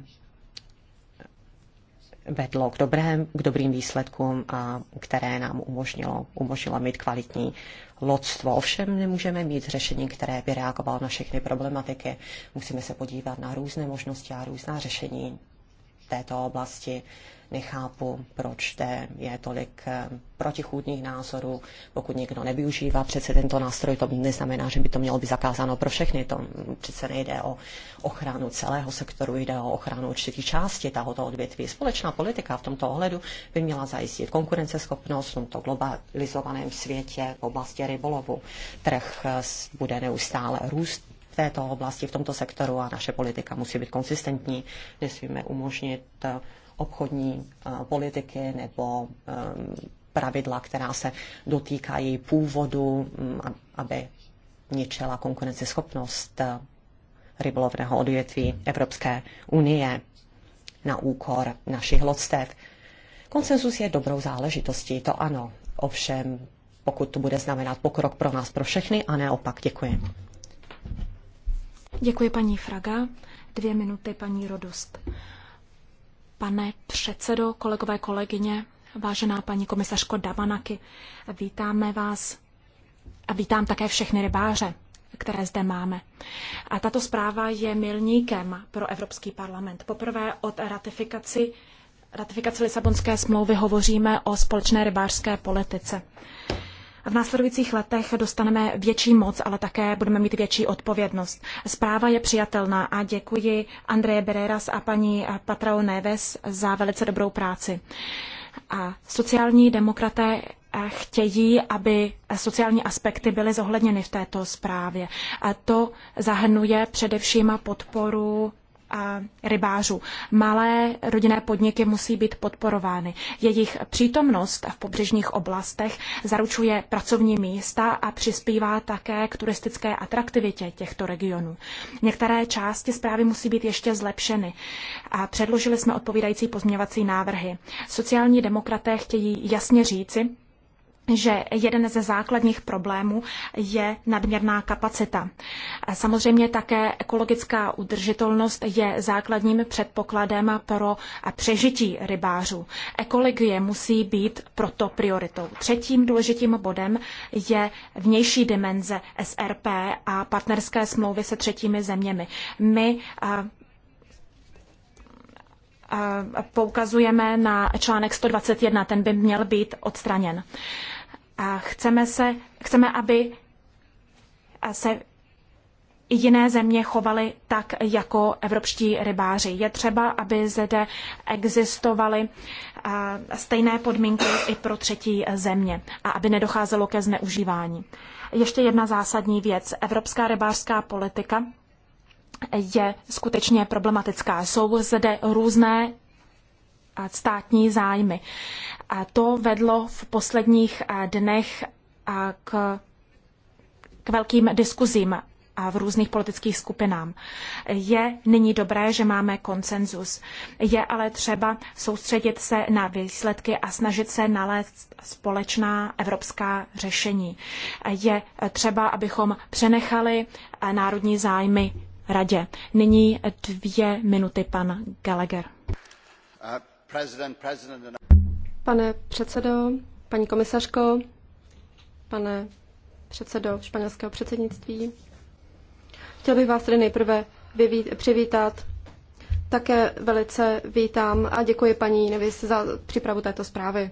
vedlo k, dobrém, k dobrým výsledkům a které nám umožnilo, umožnilo mít kvalitní lodstvo. Ovšem nemůžeme mít řešení, které by reagovalo na všechny problematiky. Musíme se podívat na různé možnosti a různá řešení této oblasti nechápu, proč te je tolik eh, protichůdných názorů. Pokud někdo nevyužívá přece tento nástroj, to neznamená, že by to mělo být zakázáno pro všechny. To přece nejde o ochranu celého sektoru, jde o ochranu určitý části tohoto odvětví. Společná politika v tomto ohledu by měla zajistit konkurenceschopnost v tomto globalizovaném světě v oblasti rybolovu. Trh eh, bude neustále růst, této oblasti, v tomto sektoru a naše politika musí být konsistentní. Nesmíme umožnit eh, obchodní eh, politiky nebo eh, pravidla, která se dotýkají původu, mm, aby ničela konkurenceschopnost rybolovného odvětví Evropské unie na úkor našich lodstev. Konsensus je dobrou záležitostí, to ano. Ovšem, pokud to bude znamenat pokrok pro nás, pro všechny, a neopak. Děkuji. Děkuji paní Fraga. Dvě minuty paní Rodost. Pane předsedo, kolegové, kolegyně, vážená paní komisařko Dabanaki. vítáme vás a vítám také všechny rybáře, které zde máme. A tato zpráva je milníkem pro Evropský parlament. Poprvé od ratifikaci ratifikaci Lisabonské smlouvy hovoříme o společné rybářské politice. V následujících letech dostaneme větší moc, ale také budeme mít větší odpovědnost. Zpráva je přijatelná a děkuji Andreje Bereras a paní Patrao Neves za velice dobrou práci. A sociální demokraté eh, chtějí, aby sociální aspekty byly zohledněny v této zprávě. A to zahrnuje především podporu a rybářů. Malé rodinné podniky musí být podporovány. Jejich přítomnost v pobřežních oblastech zaručuje pracovní místa a přispívá také k turistické atraktivitě těchto regionů. Některé části zprávy musí být ještě zlepšeny. A předložili jsme odpovídající pozměňovací návrhy. Sociální demokraté chtějí jasně říci, že jeden ze základních problémů je nadměrná kapacita. Samozřejmě také ekologická udržitelnost je základním předpokladem pro přežití rybářů. Ekologie musí být proto prioritou. Třetím důležitým bodem je vnější dimenze SRP a partnerské smlouvy se třetími zeměmi. My poukazujeme na článek 121, ten by měl být odstraněn. A chceme, se, chceme, aby se jiné země chovaly tak jako evropští rybáři. Je třeba, aby zde existovaly stejné podmínky i pro třetí země a aby nedocházelo ke zneužívání. Ještě jedna zásadní věc. Evropská rybářská politika je skutečně problematická. Jsou zde různé státní zájmy. A to vedlo v posledních eh, dnech eh, k, k velkým diskuzím a eh, v různých politických skupinách. Je nyní dobré, že máme konsenzus. Je ale třeba soustředit se na výsledky a snažit se nalézt společná evropská řešení. Je třeba, abychom přenechali národní zájmy radě. Nyní dvě minuty, pan Gallagher. Uh... Pane předsedo, paní komisařko, pane předsedo španělského předsednictví, chtěl bych vás tedy nejprve vyvít, přivítat. Také velice vítám a děkuji paní Nevis za přípravu této zprávy.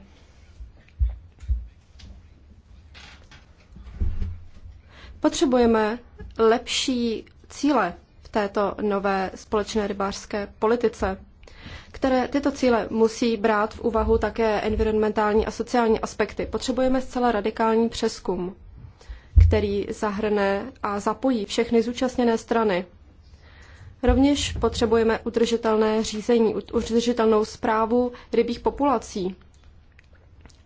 Potřebujeme lepší cíle v této nové společné rybářské politice které tyto cíle musí brát v úvahu také environmentální a sociální aspekty. Potřebujeme zcela radikální přeskum, který zahrne a zapojí všechny zúčastněné strany. Rovněž potřebujeme udržitelné řízení, udržitelnou zprávu rybích populací.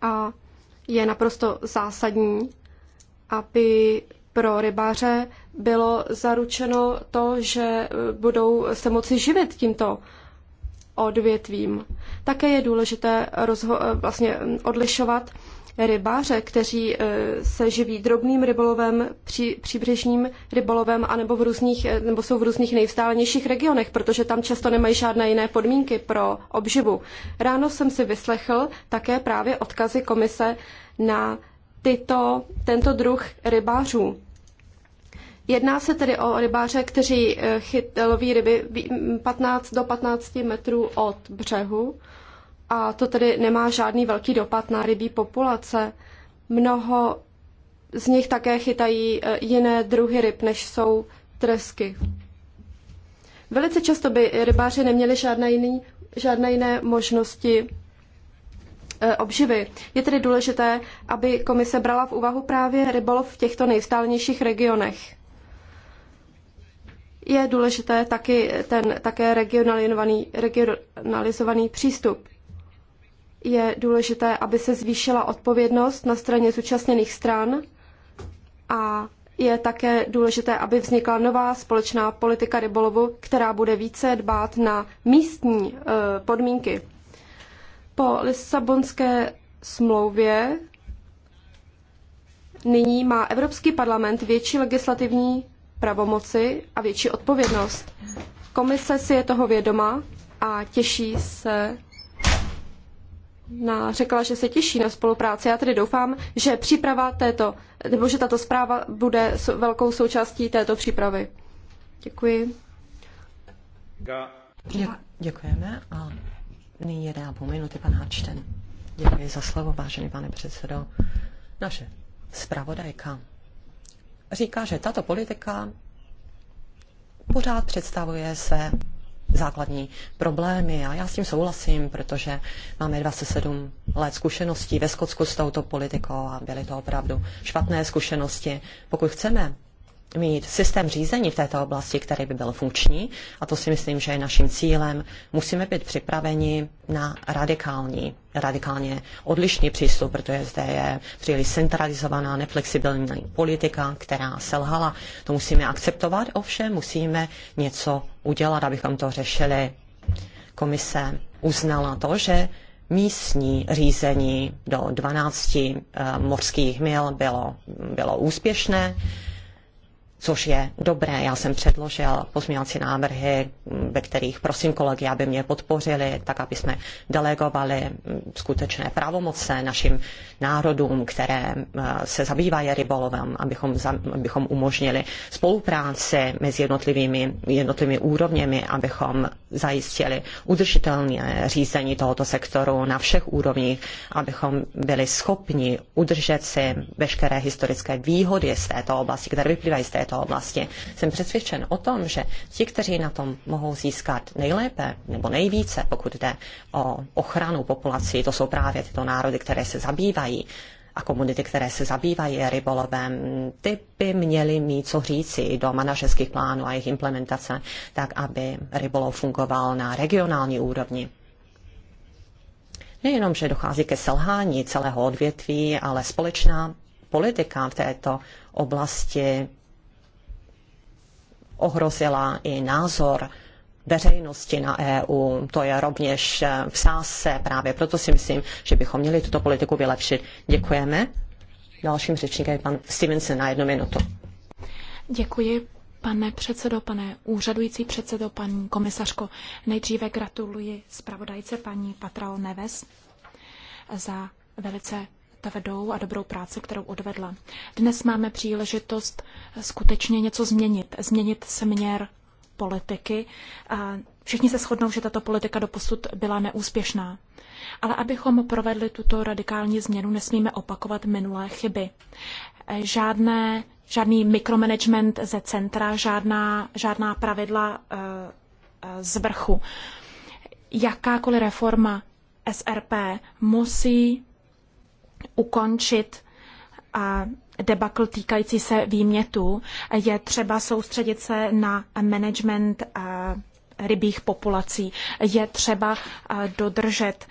A je naprosto zásadní, aby pro rybáře bylo zaručeno to, že eh, budou se moci živit tímto odvětvím. Také je důležité eh, vlastně mm, odlišovat rybáře, kteří eh, se živí drobným rybolovem, při, příbřežním rybolovem, anebo, v různých, eh, nebo jsou v různých nejvzdálenějších regionech, protože tam často nemají žádné jiné podmínky pro obživu. Ráno jsem si vyslechl také právě odkazy komise na tyto, tento druh rybářů. Jedná se tedy o rybáře, kteří eh, chyt, loví ryby 15 do 15 metrů od břehu a to tedy nemá žádný velký dopad na rybí populace. Mnoho z nich také chytají eh, jiné druhy ryb, než jsou tresky. Velice často by rybáři neměli žádné, jiný, žádné jiné možnosti eh, obživy. Je tedy důležité, aby komise brala v úvahu právě rybolov v těchto nejvzdálenějších regionech je důležité taky ten také regionalizovaný, regionalizovaný přístup. Je důležité, aby se zvýšila odpovědnost na straně zúčastněných stran a je také důležité, aby vznikla nová společná politika rybolovu, která bude více dbát na místní eh, podmínky. Po Lisabonské smlouvě nyní má Evropský parlament větší legislativní pravomoci a větší odpovědnost. Komise si je toho vědoma a těší se na, řekla, že se těší na spolupráci. Já tedy doufám, že příprava této, nebo že tato zpráva bude velkou součástí této přípravy. Děkuji. Děkujeme a nyní je dá půl minuty pan Háčten. Děkuji za slovo, vážený pane předsedo. Naše zpravodajka říká, že tato politika pořád představuje své základní problémy a já s tím souhlasím, protože máme 27 let zkušeností ve Skotsku s touto politikou a byly to opravdu špatné zkušenosti. Pokud chceme mít systém řízení v této oblasti, který by byl funkční, a to si myslím, že je naším cílem, musíme být připraveni na radikální, radikálně odlišný přístup, protože zde je příliš centralizovaná, neflexibilní politika, která selhala. To musíme akceptovat, ovšem musíme něco udělat, abychom to řešili. Komise uznala to, že místní řízení do 12 eh, morských mil bylo, bylo úspěšné což je dobré. Já jsem předložil pozměňovací návrhy, ve kterých prosím kolegy, aby mě podpořili, tak aby jsme delegovali skutečné pravomoce našim národům, které eh, se zabývají rybolovem, abychom, abychom umožnili spolupráci mezi jednotlivými, jednotlivými úrovněmi, abychom zajistili udržitelné řízení tohoto sektoru na všech úrovních, abychom byli schopni udržet si veškeré historické výhody z této oblasti, které vyplývají z této této oblasti. Jsem přesvědčen o tom, že ti, kteří na tom mohou získat nejlépe nebo nejvíce, pokud jde o ochranu populací, to jsou právě tyto národy, které se zabývají a komunity, které se zabývají rybolovem, ty by měly mít co říci do manažerských plánů a jejich implementace, tak aby rybolov fungoval na regionální úrovni. Nejenom, že dochází ke selhání celého odvětví, ale společná politika v této oblasti ohrozila i názor veřejnosti na EU. To je rovněž eh, v sázce. Právě proto si myslím, že bychom měli tuto politiku vylepšit. Děkujeme. Dalším řečníkem je pan Stevenson na jednu minutu. Děkuji, pane předsedo, pane úřadující předsedo, paní komisařko. Nejdříve gratuluji zpravodajce paní Patrao Neves za velice Tavedou a dobrou práci, kterou odvedla. Dnes máme příležitost skutečně něco změnit, změnit směr politiky. Všichni se shodnou, že tato politika doposud byla neúspěšná. Ale abychom provedli tuto radikální změnu, nesmíme opakovat minulé chyby. Žádné, žádný mikromanagement ze centra, žádná, žádná pravidla eh, eh, z vrchu. Jakákoliv reforma SRP musí ukončit debakl týkající se výmětů, je třeba soustředit se na management rybích populací. Je třeba dodržet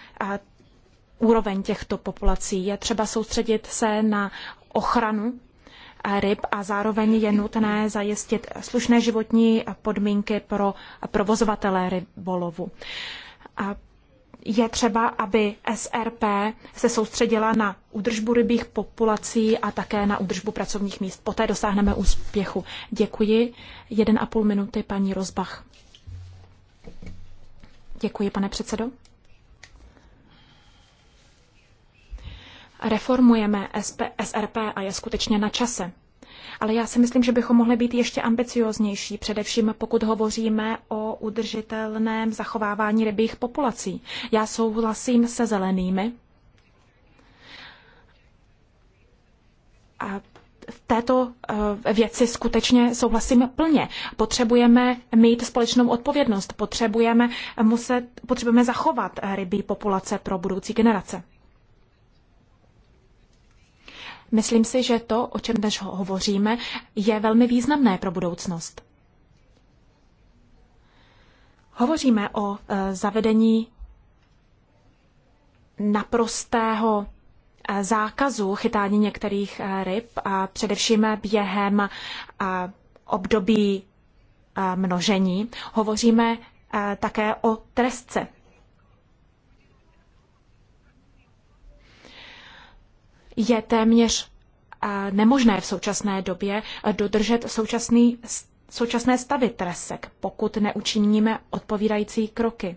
úroveň těchto populací. Je třeba soustředit se na ochranu ryb a zároveň je nutné zajistit slušné životní podmínky pro provozovatele rybolovu je třeba, aby SRP se soustředila na údržbu rybích populací a také na údržbu pracovních míst. Poté dosáhneme úspěchu. Děkuji. Jeden a půl minuty, paní Rozbach. Děkuji, pane předsedo. Reformujeme SP, SRP a je skutečně na čase. Ale já si myslím, že bychom mohli být ještě ambicioznější, především pokud hovoříme o udržitelném zachovávání rybích populací. Já souhlasím se zelenými. A v této eh, věci skutečně souhlasím plně. Potřebujeme mít společnou odpovědnost, potřebujeme, muset, potřebujeme zachovat rybí populace pro budoucí generace. Myslím si, že to, o čem dnes hovoříme, je velmi významné pro budoucnost. Hovoříme o e, zavedení naprostého e, zákazu chytání některých e, ryb, a především během období množení. Hovoříme také o trestce je téměř eh, nemožné v současné době eh, dodržet současný, současné stavy tresek, pokud neučiníme odpovídající kroky.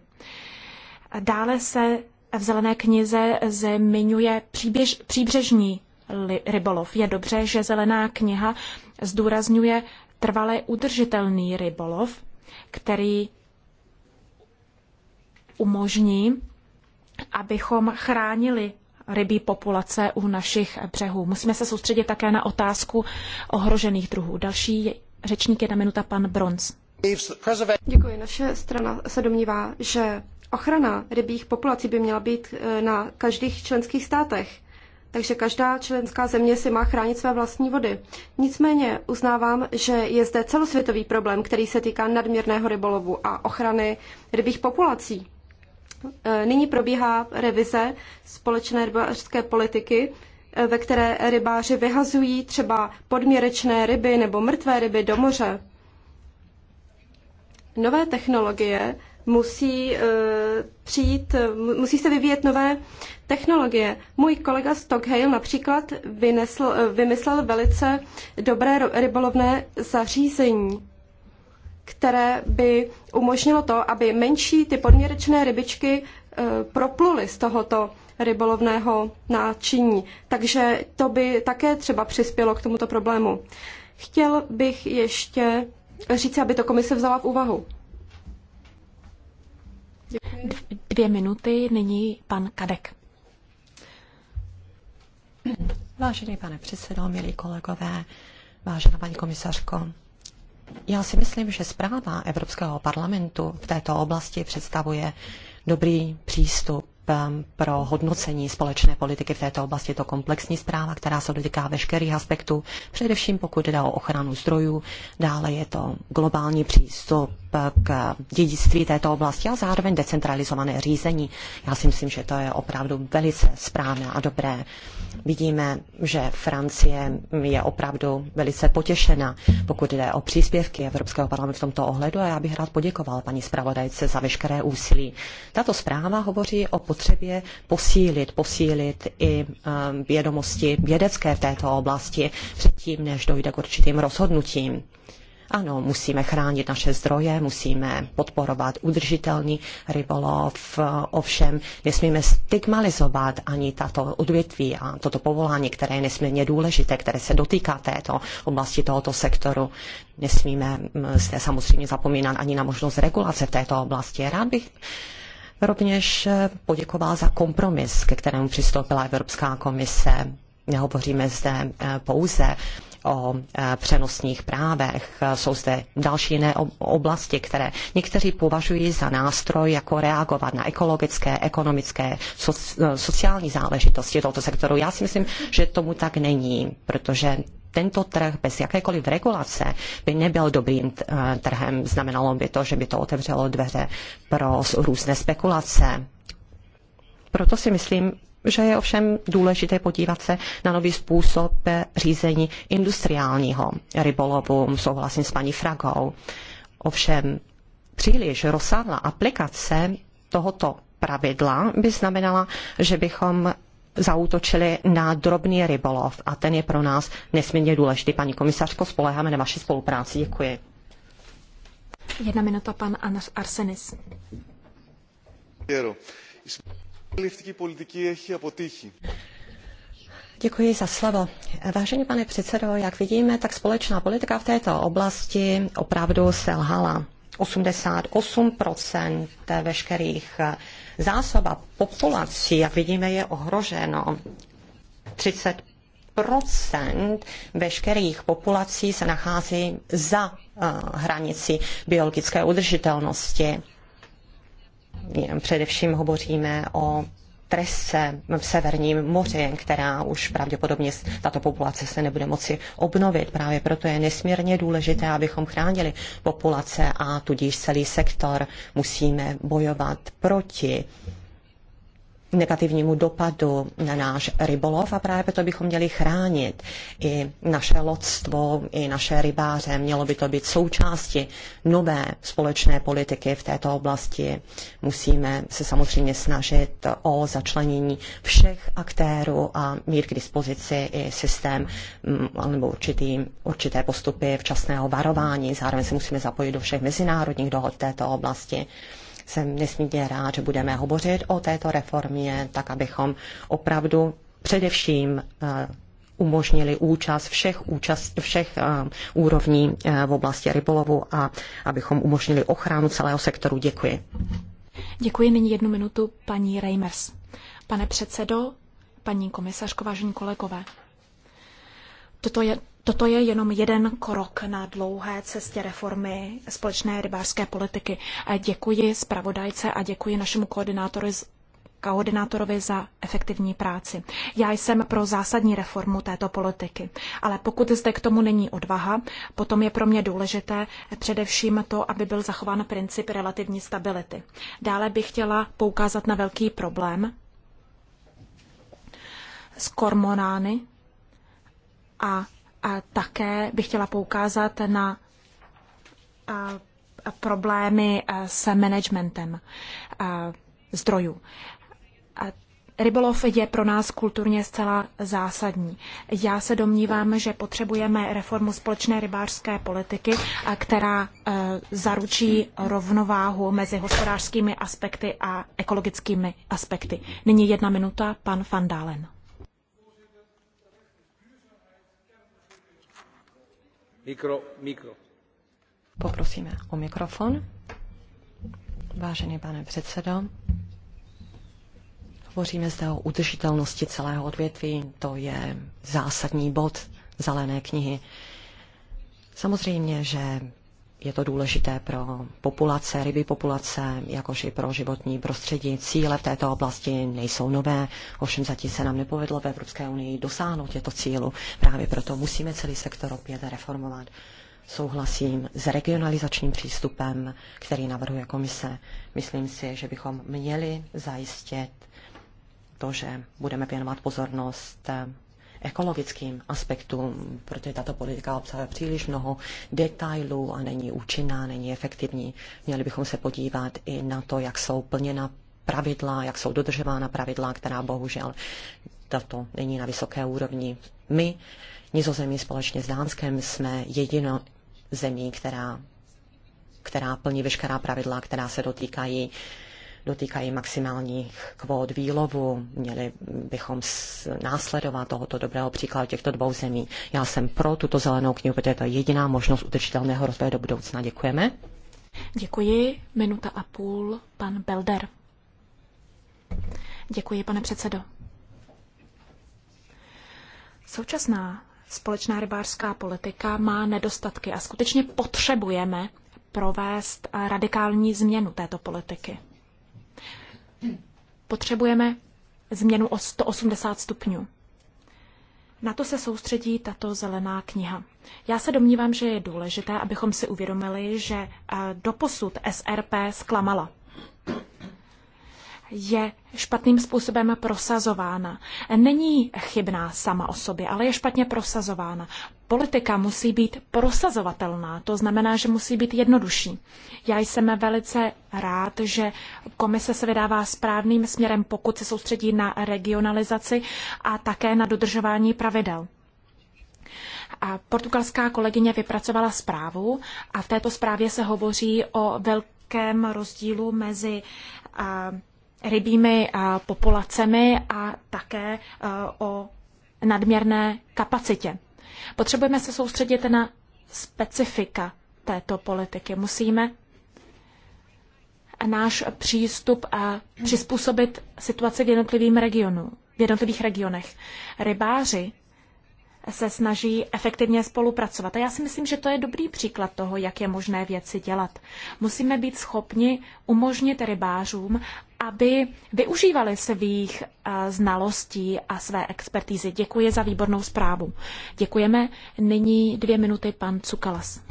Dále se v zelené knize zmiňuje příběž, příbřežní rybolov. Je dobře, že zelená kniha zdůrazňuje trvalé udržitelný rybolov, který umožní, abychom chránili rybí populace u našich břehů. Musíme se soustředit také na otázku ohrožených druhů. Další řečník je na minuta, pan Bronz. Děkuji. Naše strana se domnívá, že ochrana rybích populací by měla být e, na každých členských státech. Takže každá členská země si má chránit své vlastní vody. Nicméně uznávám, že je zde celosvětový problém, který se týká nadměrného rybolovu a ochrany rybích populací. Eh, nyní probíhá revize společné rybářské politiky, eh, ve které rybáři vyhazují třeba podměrečné ryby nebo mrtvé ryby do moře. Nové technologie musí eh, přijít, musí se vyvíjet nové technologie. Můj kolega Stockhail například vynesl, vymyslel velice dobré rybolovné zařízení které by umožnilo to, aby menší ty podměrečné rybičky eh, propluly z tohoto rybolovného náčiní. Takže to by také třeba přispělo k tomuto problému. Chtěl bych ještě říct, aby to komise vzala v úvahu. Dvě minuty, nyní pan Kadek. Vážený pane předsedo, milí kolegové, vážená paní komisařko, já si myslím, že zpráva Evropského parlamentu v této oblasti představuje dobrý přístup um, pro hodnocení společné politiky v této oblasti. Je to komplexní zpráva, která se dotýká veškerých aspektů, především pokud jde o ochranu zdrojů. Dále je to globální přístup k dědictví této oblasti a zároveň decentralizované řízení. Já si myslím, že to je opravdu velice správné a dobré Vidíme, že Francie je opravdu velice potěšena, pokud jde o příspěvky Evropského parlamentu v tomto ohledu a já bych rád poděkoval paní zpravodajce za veškeré úsilí. Tato zpráva hovoří o potřebě posílit, posílit i um, vědomosti vědecké v této oblasti předtím, než dojde k určitým rozhodnutím. Ano, musíme chránit naše zdroje, musíme podporovat udržitelný rybolov, ovšem nesmíme stigmalizovat ani tato odvětví a toto povolání, které je nesmírně důležité, které se dotýká této oblasti tohoto sektoru. Nesmíme mm, zde samozřejmě zapomínat ani na možnost regulace v této oblasti. Rád bych rovněž eh, poděkoval za kompromis, ke kterému přistoupila Evropská komise. Nehovoříme zde eh, pouze o e, přenosných právech. Jsou zde další jiné oblasti, které někteří považují za nástroj, jako reagovat na ekologické, ekonomické, e, sociální záležitosti tohoto sektoru. Já si myslím, že tomu tak není, protože tento trh bez jakékoliv regulace by nebyl dobrým e, trhem. Znamenalo by to, že by to otevřelo dveře pro různé spekulace. Proto si myslím, že je ovšem důležité podívat se na nový způsob řízení industriálního rybolovu. Souhlasím s paní Fragou. Ovšem příliš rozsáhlá aplikace tohoto pravidla by znamenala, že bychom zautočili na drobný rybolov a ten je pro nás nesmírně důležitý. Paní komisařko, spoleháme na vaši spolupráci. Děkuji. Jedna minuta, pan Anas Arsenis. Děkuji za slovo. Vážený pane předsedo, jak vidíme, tak společná politika v této oblasti opravdu selhala. 88% veškerých zásob a populací, jak vidíme, je ohroženo. 30 veškerých populací se nachází za eh, hranici biologické udržitelnosti. Především hovoříme o trese v Severním moři, která už pravděpodobně tato populace se nebude moci obnovit. Právě proto je nesmírně důležité, abychom chránili populace a tudíž celý sektor musíme bojovat proti negativnímu dopadu na náš rybolov a právě proto bychom měli chránit i naše lodstvo, i naše rybáře. Mělo by to být součástí nové společné politiky v této oblasti. Musíme se samozřejmě snažit o začlenění všech aktérů a mít k dispozici i systém mm, nebo určitý, určité postupy včasného varování. Zároveň se musíme zapojit do všech mezinárodních dohod v této oblasti jsem nesmírně rád, že budeme hovořit o této reformě, tak abychom opravdu především eh, umožnili účast všech, účast, všech eh, úrovní eh, v oblasti rybolovu a abychom umožnili ochranu celého sektoru. Děkuji. Děkuji. Nyní jednu minutu paní Reimers. Pane předsedo, paní komisařko, vážení kolegové. Toto je Toto je jenom jeden krok na dlouhé cestě reformy společné rybářské politiky. Děkuji zpravodajce a děkuji našemu koordinátorovi koordinátorovi za efektivní práci. Já jsem pro zásadní reformu této politiky, ale pokud zde k tomu není odvaha, potom je pro mě důležité především to, aby byl zachován princip relativní stability. Dále bych chtěla poukázat na velký problém s kormonány a a také bych chtěla poukázat na problémy s managementem zdrojů. Rybolov je pro nás kulturně zcela zásadní. Já se domnívám, že potřebujeme reformu společné rybářské politiky, která e, zaručí rovnováhu mezi hospodářskými aspekty a ekologickými aspekty. Nyní jedna minuta, pan Fandálen. Mikro, mikro. Poprosíme o mikrofon. Vážený pane předsedo, hovoříme zde o udržitelnosti celého odvětví, to je zásadní bod zelené knihy. Samozřejmě, že je to důležité pro populace, ryby populace, jakož i pro životní prostředí. Cíle v této oblasti nejsou nové, ovšem zatím se nám nepovedlo v Evropské unii dosáhnout těchto cílů. Právě proto musíme celý sektor opět reformovat. Souhlasím s regionalizačním přístupem, který navrhuje komise. Myslím si, že bychom měli zajistit to, že budeme věnovat pozornost ekologickým aspektům, protože tato politika obsahuje příliš mnoho detailů a není účinná, není efektivní. Měli bychom se podívat i na to, jak jsou plněna pravidla, jak jsou dodržována pravidla, která bohužel tato není na vysoké úrovni. My, Nizozemí společně s Dánskem, jsme jedinou zemí, která, která plní veškerá pravidla, která se dotýkají uh, dotýkají maximálních kvót výlovu. Měli bychom následovat tohoto dobrého příkladu těchto dvou zemí. Já jsem pro tuto zelenou knihu, protože to je jediná možnost udržitelného rozvoje do budoucna. Děkujeme. Děkuji. Minuta a půl. Pan Belder. Děkuji, pane předsedo. Současná společná rybářská politika má nedostatky a skutečně potřebujeme provést radikální změnu této politiky potřebujeme změnu o 180 stupňů. Na to se soustředí tato zelená kniha. Já se domnívám, že je důležité, abychom si uvědomili, že eh, doposud SRP zklamala je špatným způsobem prosazována. Není chybná sama o sobě, ale je špatně prosazována. Politika musí být prosazovatelná, to znamená, že musí být jednodušší. Já jsem velice rád, že komise se vydává správným směrem, pokud se soustředí na regionalizaci a také na dodržování pravidel. A portugalská kolegyně vypracovala zprávu a v této zprávě se hovoří o velkém rozdílu mezi a, rybími eh, populacemi a také eh, o nadměrné kapacitě. Potřebujeme se soustředit na specifika této politiky. Musíme náš přístup a eh, přizpůsobit situaci v regionu, v jednotlivých regionech. Rybáři se snaží efektivně spolupracovat. A já si myslím, že to je dobrý příklad toho, jak je možné věci dělat. Musíme být schopni umožnit rybářům, aby využívali svých eh, znalostí a své expertízy. Děkuji za výbornou zprávu. Děkujeme. Nyní dvě minuty pan Cukalas.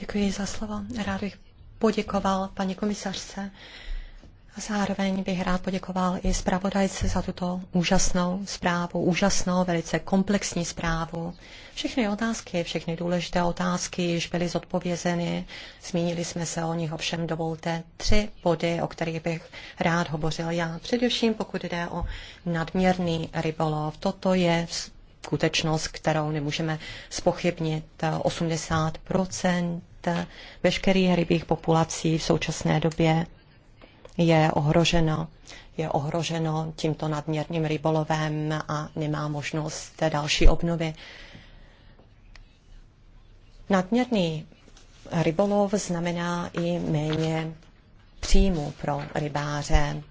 Děkuji za slovo. Rád bych poděkoval paní komisařce Zároveň bych rád poděkoval i zpravodajce za tuto úžasnou zprávu, úžasnou, velice komplexní zprávu. Všechny otázky, všechny důležité otázky již byly zodpovězeny, zmínili jsme se o nich, ovšem dovolte tři body, o kterých bych rád hovořil já. Především pokud jde o nadměrný rybolov, toto je skutečnost, kterou nemůžeme spochybnit. 80 veškerých rybích populací v současné době je ohroženo, je ohroženo tímto nadměrným rybolovem a nemá možnost té další obnovy. Nadměrný rybolov znamená i méně příjmu pro rybáře.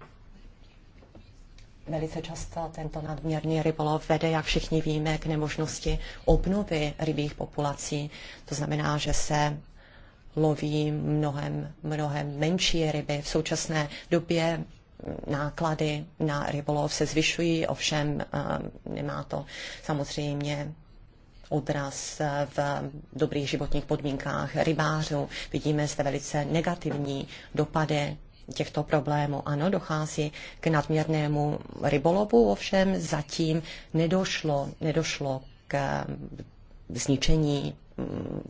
Velice často tento nadměrný rybolov vede, jak všichni víme, k nemožnosti obnovy rybích populací. To znamená, že se loví mnohem, mnohem menší ryby. V současné době náklady na rybolov se zvyšují, ovšem eh, nemá to samozřejmě odraz eh, v dobrých životních podmínkách rybářů. Vidíme zde velice negativní dopady těchto problémů. Ano, dochází k nadměrnému rybolovu, ovšem zatím nedošlo, nedošlo k eh, zničení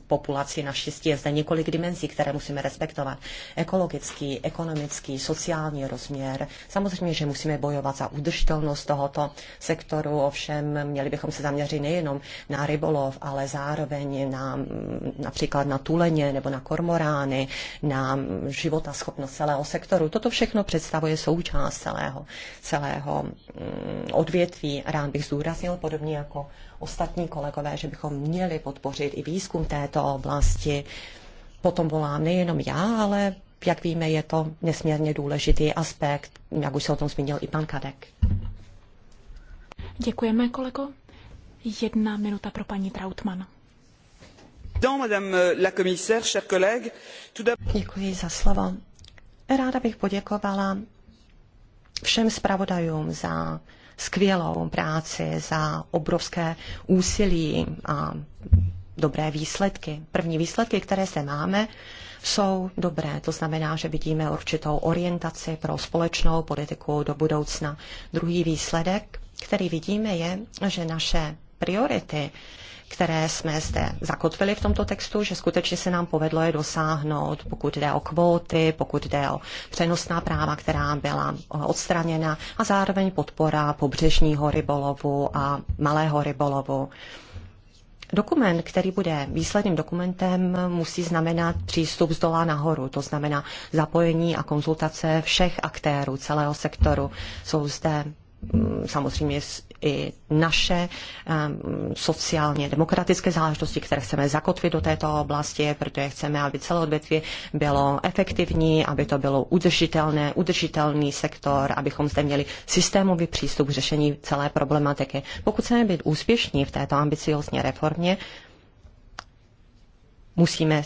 populaci. Naštěstí je zde několik dimenzí, které musíme respektovat. Ekologický, ekonomický, sociální rozměr. Samozřejmě, že musíme bojovat za udržitelnost tohoto sektoru, ovšem měli bychom se zaměřit nejenom na rybolov, ale zároveň na například na tuleně nebo na kormorány, na životaschopnost celého sektoru. Toto všechno představuje součást celého, celého mm, odvětví. Rád bych zdůraznil, podobně jako ostatní kolegové, že bychom měli podpořit i výzkum této oblasti. Potom volám nejenom já, ale jak víme, je to nesmírně důležitý aspekt, jak už se o tom zmínil i pan Kadek. Děkujeme, kolego. Jedna minuta pro paní Trautmann. Děkuji za slovo. Ráda bych poděkovala všem zpravodajům za skvělou práci, za obrovské úsilí a dobré výsledky. První výsledky, které se máme, jsou dobré. To znamená, že vidíme určitou orientaci pro společnou politiku do budoucna. Druhý výsledek, který vidíme, je, že naše priority které jsme zde zakotvili v tomto textu, že skutečně se nám povedlo je dosáhnout, pokud jde o kvóty, pokud jde o přenosná práva, která byla odstraněna a zároveň podpora pobřežního rybolovu a malého rybolovu. Dokument, který bude výsledným dokumentem, musí znamenat přístup z dola nahoru, to znamená zapojení a konzultace všech aktérů celého sektoru. Jsou zde mm, samozřejmě i naše um, sociálně demokratické záležitosti, které chceme zakotvit do této oblasti, protože chceme, aby celé odvětví bylo efektivní, aby to bylo udržitelné, udržitelný sektor, abychom zde měli systémový přístup k řešení celé problematiky. Pokud chceme být úspěšní v této ambiciozní reformě, musíme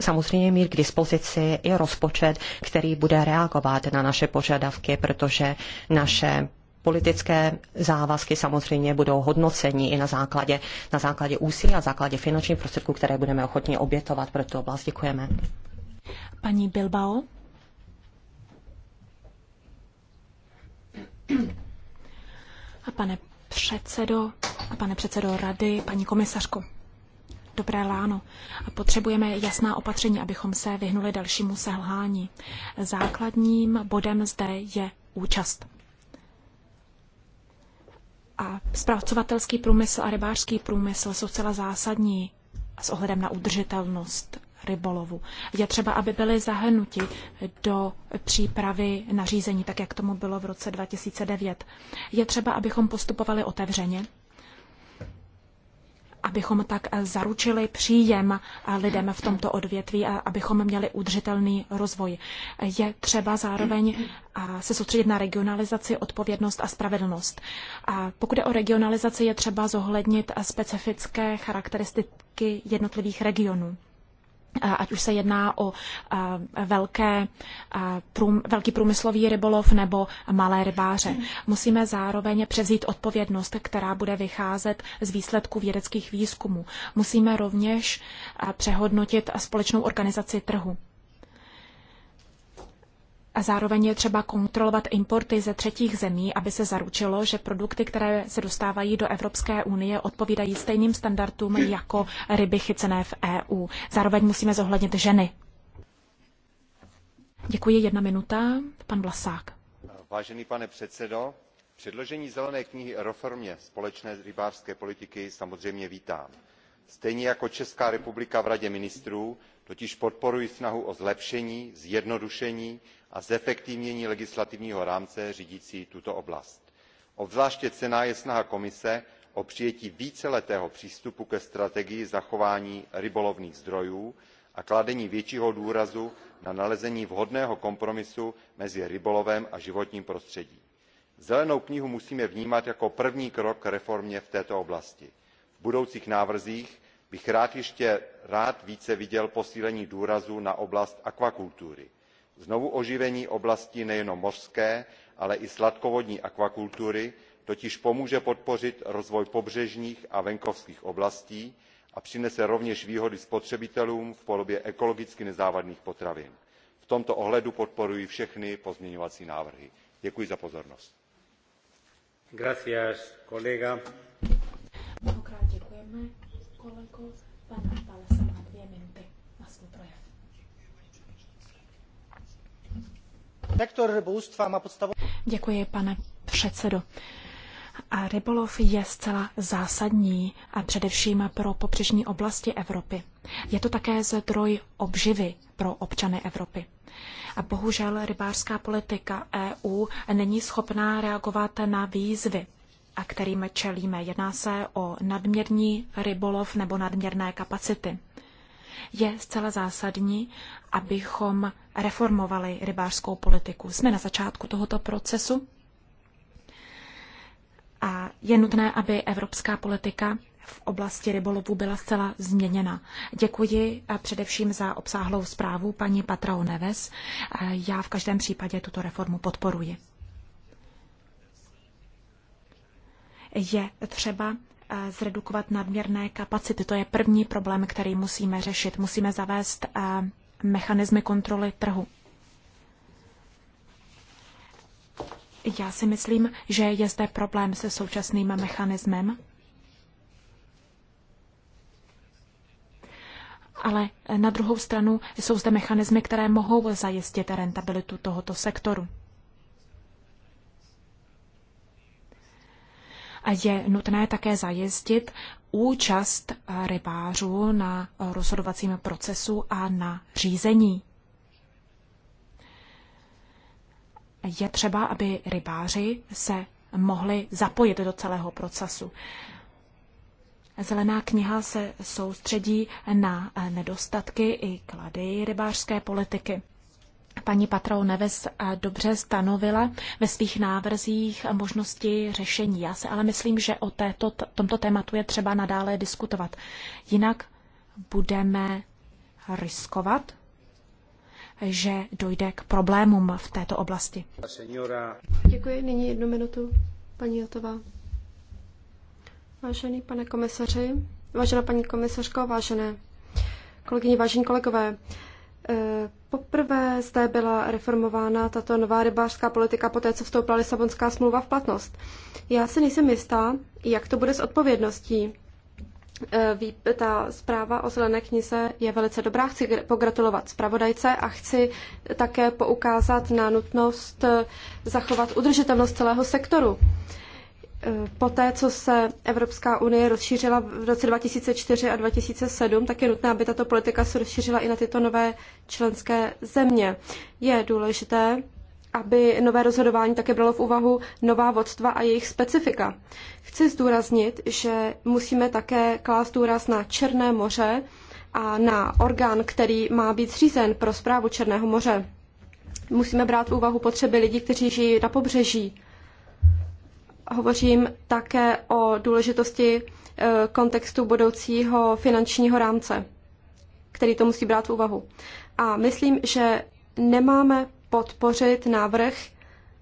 samozřejmě mít k dispozici i rozpočet, který bude reagovat na naše požadavky, protože naše politické závazky samozřejmě budou hodnoceni i na základě, na základě úsilí a základě finančních prostředků, které budeme ochotně obětovat pro tu oblast. Děkujeme. Paní Bilbao. A pane předsedo, a pane předsedo rady, paní komisařko, dobré ráno. Potřebujeme jasná opatření, abychom se vyhnuli dalšímu selhání. Základním bodem zde je účast. A zpracovatelský průmysl a rybářský průmysl jsou celá zásadní s ohledem na udržitelnost rybolovu. Je třeba, aby byly zahrnuti do přípravy nařízení, tak jak tomu bylo v roce 2009. Je třeba, abychom postupovali otevřeně abychom tak eh, zaručili příjem eh, lidem v tomto odvětví a abychom měli udržitelný rozvoj. Je třeba zároveň eh, se soustředit na regionalizaci, odpovědnost a spravedlnost. A pokud je o regionalizaci, je třeba zohlednit specifické charakteristiky jednotlivých regionů ať už se jedná o velké, prům, velký průmyslový rybolov nebo malé rybáře. Musíme zároveň převzít odpovědnost, která bude vycházet z výsledků vědeckých výzkumů. Musíme rovněž přehodnotit společnou organizaci trhu. A zároveň je třeba kontrolovat importy ze třetích zemí, aby se zaručilo, že produkty, které se dostávají do Evropské unie, odpovídají stejným standardům jako ryby chycené v EU. Zároveň musíme zohlednit ženy. Děkuji, jedna minuta. Pan Vlasák. Vážený pane předsedo, předložení zelené knihy o reformě společné rybářské politiky samozřejmě vítám stejně jako česká republika v radě ministrů totiž podporuji snahu o zlepšení zjednodušení a zefektivnění legislativního rámce řídícího tuto oblast. obzvláště cenná je snaha komise o přijetí víceletého přístupu ke strategii zachování rybolovných zdrojů a kladení většího důrazu na nalezení vhodného kompromisu mezi rybolovem a životním prostředím. zelenou knihu musíme vnímat jako první krok k reformě v této oblasti budoucích návrzích bych ještě rád více viděl posílení důrazu na oblast akvakultury znovuoživení oblasti nejenom mořské ale i sladkovodní akvakultury totiž pomůže podpořit rozvoj pobřežních a venkovských oblastí a přinese rovněž výhody spotřebitelům v podobě ekologicky nezávadných potravin. v tomto ohledu podporuji všechny pozměňovací návrhy. děkuji za pozornost. Pane kolego. Pan Palesa má dvě minuty na svůj projev. Sektor rybolovstva má podstavu... Děkuji, pane předsedo. A rybolov je zcela zásadní a především pro popřežní oblasti Evropy. Je to také zdroj obživy pro občany Evropy. A bohužel rybářská politika EU není schopná reagovat na výzvy a kterým čelíme. Jedná se o nadměrný rybolov nebo nadměrné kapacity. Je zcela zásadní, abychom reformovali rybářskou politiku. Jsme na začátku tohoto procesu a je nutné, aby evropská politika v oblasti rybolovu byla zcela změněna. Děkuji především za obsáhlou zprávu paní Patrao Neves. Já v každém případě tuto reformu podporuji. je třeba eh, zredukovat nadměrné kapacity. To je první problém, který musíme řešit. Musíme zavést eh, mechanismy kontroly trhu. Já si myslím, že je zde problém se současným mechanismem. Ale na druhou stranu jsou zde mechanismy, které mohou zajistit rentabilitu tohoto sektoru. Je nutné také zajistit účast eh, rybářů na eh, rozhodovacím procesu a na řízení. Je třeba, aby rybáři se mohli zapojit do celého procesu. Zelená kniha se soustředí na eh, nedostatky i klady rybářské politiky paní Patrou Neves eh, dobře stanovila ve svých návrzích možnosti řešení. Já se ale myslím, že o této, tomto tématu je třeba nadále diskutovat. Jinak budeme riskovat, že dojde k problémům v této oblasti. Děkuji. Nyní jednu minutu, paní Jotová. Vážený pane komisaři, vážená paní komisařko, vážené kolegyně, vážení kolegové, Eh, poprvé zde byla reformována tato nová rybářská politika poté, co vstoupila Lisabonská smlouva v platnost. Já si nejsem jistá, jak to bude s odpovědností. Eh, ta zpráva o zelené knize je velice dobrá. Chci pogratulovat zpravodajce a chci také poukázat na nutnost eh, zachovat udržitelnost celého sektoru. Poté, co se Evropská unie rozšířila v roce 2004 a 2007, tak je nutné, aby tato politika se rozšířila i na tyto nové členské země. Je důležité, aby nové rozhodování také bralo v úvahu nová vodstva a jejich specifika. Chci zdůraznit, že musíme také klást důraz na Černé moře a na orgán, který má být zřízen pro zprávu Černého moře. Musíme brát v úvahu potřeby lidí, kteří žijí na pobřeží hovořím také o důležitosti eh, kontextu budoucího finančního rámce, který to musí brát v úvahu. A myslím, že nemáme podpořit návrh,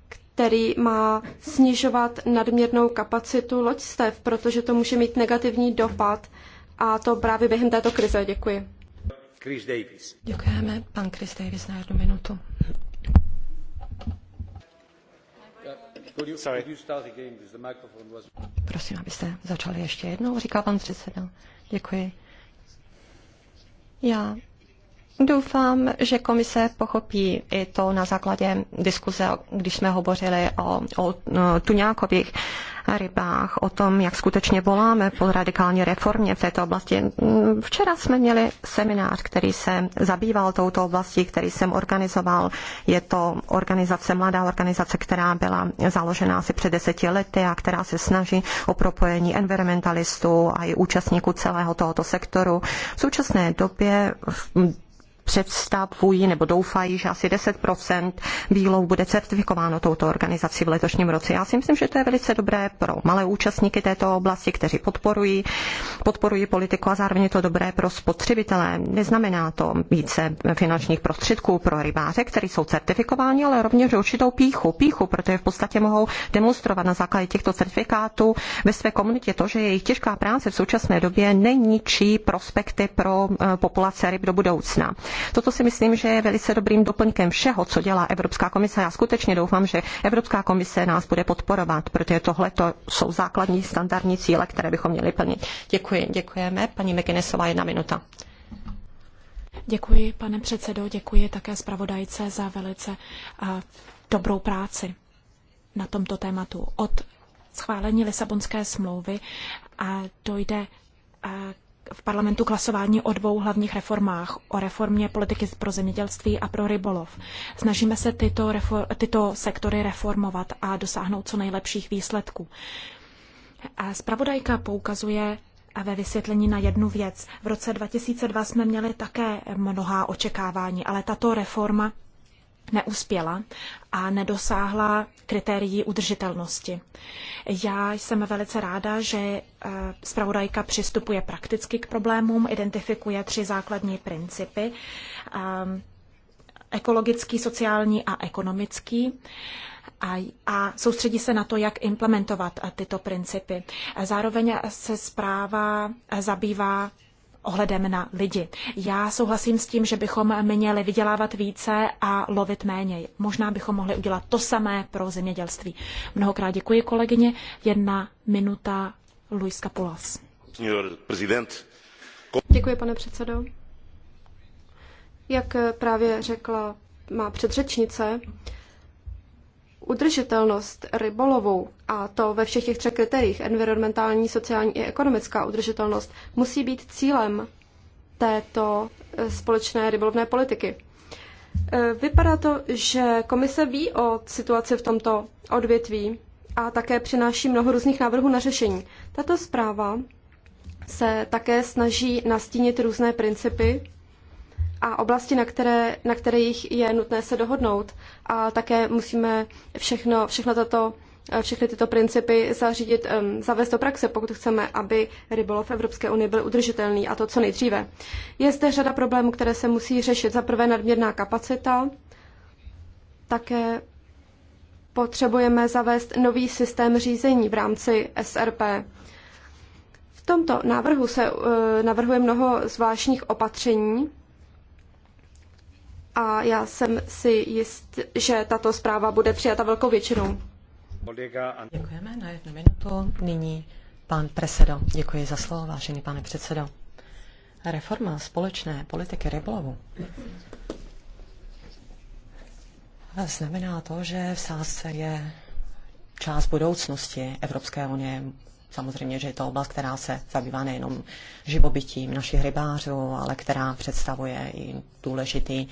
který má snižovat nadměrnou kapacitu loďstev, protože to může mít negativní dopad a to právě během této krize. Děkuji. Chris Davis. Děkujeme, pan Chris Davis, na jednu minutu. Prosím, abyste začali ještě jednou, říká pan předseda. Děkuji. Já Doufám, že komise pochopí i to na základě diskuze, když jsme hovořili o, o tuňákových rybách, o tom, jak skutečně voláme po radikální reformě v této oblasti. Včera jsme měli seminář, který se zabýval touto oblastí, který jsem organizoval. Je to organizace, mladá organizace, která byla založena asi před deseti lety a která se snaží o propojení environmentalistů a i účastníků celého tohoto sektoru. V současné době představují nebo doufají, že asi 10% výlov bude certifikováno touto organizací v letošním roce. Já si myslím, že to je velice dobré pro malé účastníky této oblasti, kteří podporují, podporují politiku a zároveň je to dobré pro spotřebitele. Neznamená to více finančních prostředků pro rybáře, kteří jsou certifikováni, ale rovněž určitou píchu, píchu, protože v podstatě mohou demonstrovat na základě těchto certifikátů ve své komunitě to, že jejich těžká práce v současné době neničí prospekty pro eh, populace ryb do budoucna. Toto si myslím, že je velice dobrým doplňkem všeho, co dělá Evropská komise. Já skutečně doufám, že Evropská komise nás bude podporovat, protože tohle jsou základní standardní cíle, které bychom měli plnit. Děkuji, děkujeme. Paní McGuinnessová, jedna minuta. Děkuji, pane předsedo, děkuji také zpravodajce za velice uh, dobrou práci na tomto tématu. Od schválení Lisabonské smlouvy a dojde v parlamentu k hlasování o dvou hlavních reformách, o reformě politiky pro zemědělství a pro rybolov. Snažíme se tyto, refor- tyto sektory reformovat a dosáhnout co nejlepších výsledků. A spravodajka poukazuje a ve vysvětlení na jednu věc. V roce 2002 jsme měli také mnohá očekávání, ale tato reforma neuspěla a nedosáhla kritérií udržitelnosti. Já jsem velice ráda, že eh, zpravodajka přistupuje prakticky k problémům, identifikuje tři základní principy. Eh, ekologický, sociální a ekonomický a, a soustředí se na to, jak implementovat eh, tyto principy. Zároveň se zpráva zabývá ohledem na lidi. Já souhlasím s tím, že bychom měli vydělávat více a lovit méně. Možná bychom mohli udělat to samé pro zemědělství. Mnohokrát děkuji kolegyně. Jedna minuta Luis Capulas. Děkuji, pane předsedo. Jak právě řekla má předřečnice, udržitelnost rybolovou, a to ve všech těch třech kritériích, environmentální, sociální i ekonomická udržitelnost, musí být cílem této eh, společné rybolovné politiky. Eh, vypadá to, že komise ví o situaci v tomto odvětví a také přináší mnoho různých návrhů na řešení. Tato zpráva se také snaží nastínit různé principy a oblasti, na, které, na kterých je nutné se dohodnout. A také musíme všechno, všechno toto, všechny tyto principy zařídit, zavést do praxe, pokud chceme, aby rybolov v Evropské unii byl udržitelný a to co nejdříve. Je zde řada problémů, které se musí řešit. Za prvé nadměrná kapacita, také potřebujeme zavést nový systém řízení v rámci SRP. V tomto návrhu se eh, navrhuje mnoho zvláštních opatření, a já jsem si jist, že tato zpráva bude přijata velkou většinou. Děkujeme na jednu minutu. Nyní pan Presedo. Děkuji za slovo, vážený pane předsedo. Reforma společné politiky rybolovu znamená to, že v sázce je část budoucnosti Evropské unie. Samozřejmě, že je to oblast, která se zabývá nejenom živobytím našich rybářů, ale která představuje i důležitý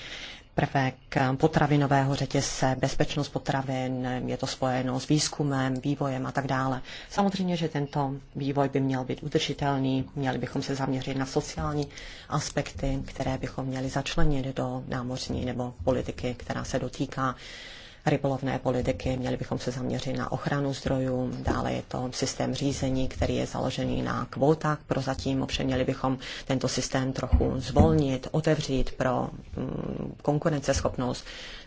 prvek potravinového řetězce, bezpečnost potravin, je to spojeno s výzkumem, vývojem a tak dále. Samozřejmě, že tento vývoj by měl být udržitelný, měli bychom se zaměřit na sociální aspekty, které bychom měli začlenit do námořní nebo politiky, která se dotýká rybolovné politiky. Měli bychom se zaměřit na ochranu zdrojů, dále je to systém řízení, který je založený na kvótách. Prozatím ovšem měli bychom tento systém trochu zvolnit, otevřít pro mm, konkurenceschopnost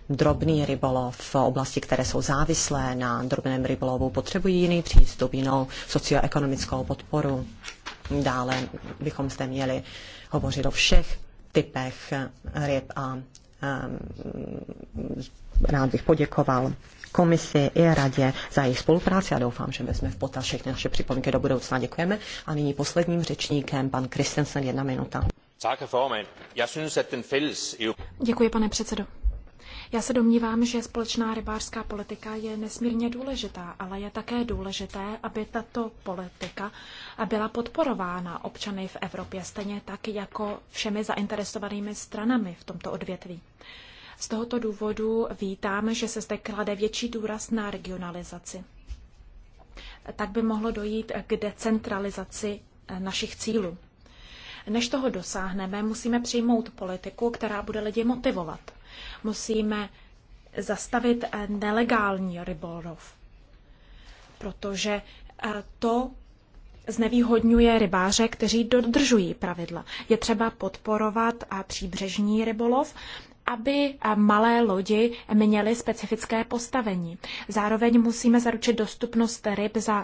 drobný rybolov v oblasti, které jsou závislé na drobném rybolovu, potřebují jiný přístup, jinou socioekonomickou podporu. Dále bychom zde měli hovořit o všech typech ryb a um, rád bych poděkoval komisi i radě za jejich spolupráci a doufám, že vezme v potaz všechny naše připomínky do budoucna. Děkujeme. A nyní posledním řečníkem pan Kristensen, jedna minuta. Děkuji, pane předsedo. Já se domnívám, že společná rybářská politika je nesmírně důležitá, ale je také důležité, aby tato politika byla podporována občany v Evropě, stejně tak jako všemi zainteresovanými stranami v tomto odvětví. Z tohoto důvodu vítám, že se zde klade větší důraz na regionalizaci. Tak by mohlo dojít k decentralizaci eh, našich cílů. Než toho dosáhneme, musíme přijmout politiku, která bude lidi motivovat. Musíme zastavit eh, nelegální rybolov, protože eh, to znevýhodňuje rybáře, kteří dodržují pravidla. Je třeba podporovat a příbřežní rybolov aby eh, malé lodi měly specifické postavení. Zároveň musíme zaručit dostupnost ryb za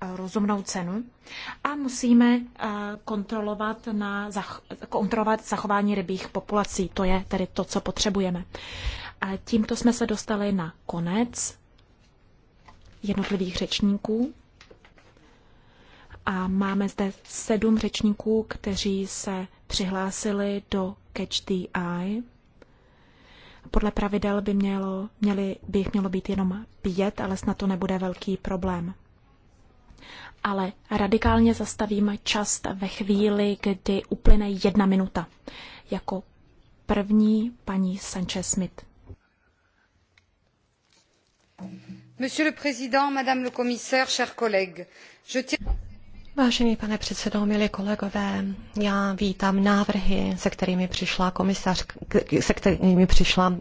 eh, rozumnou cenu a musíme eh, kontrolovat, na, kontrolovat zachování rybích populací. To je tedy to, co potřebujeme. A tímto jsme se dostali na konec jednotlivých řečníků. A máme zde sedm řečníků, kteří se přihlásili do Catch the Eye. Podle pravidel by, mělo, měli, by jich mělo být jenom pět, ale snad to nebude velký problém. Ale radikálně zastavím čas ve chvíli, kdy uplyne jedna minuta. Jako první paní Sanchez Smith. Monsieur le Président, Madame le Commissaire, chers collègues, je tiens... Vážený pane předsedo, milí kolegové, já vítám návrhy, se kterými přišla komisař, se kterými přišla um,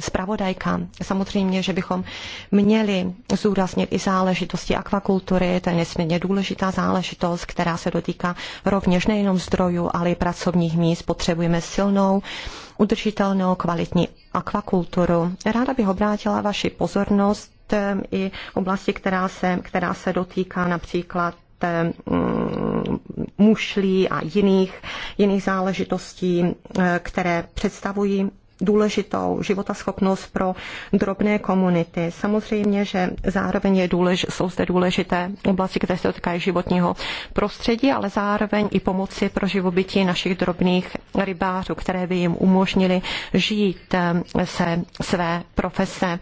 zpravodajka. Samozřejmě, že bychom měli zúraznit i záležitosti akvakultury, to je nesmírně důležitá záležitost, která se dotýká rovněž nejenom zdrojů, ale i pracovních míst. Potřebujeme silnou, udržitelnou, kvalitní akvakulturu. Ráda bych obrátila vaši pozornost eh, i oblasti, která se, která se dotýká například Mm, mušlí a jiných, jiných záležitostí, eh, které představují důležitou životaschopnost pro drobné komunity. Samozřejmě, že zároveň je důlež, jsou zde důležité oblasti, které se dotýkají životního prostředí, ale zároveň i pomoci pro živobytí našich drobných rybářů, které by jim umožnili žít eh, se své profese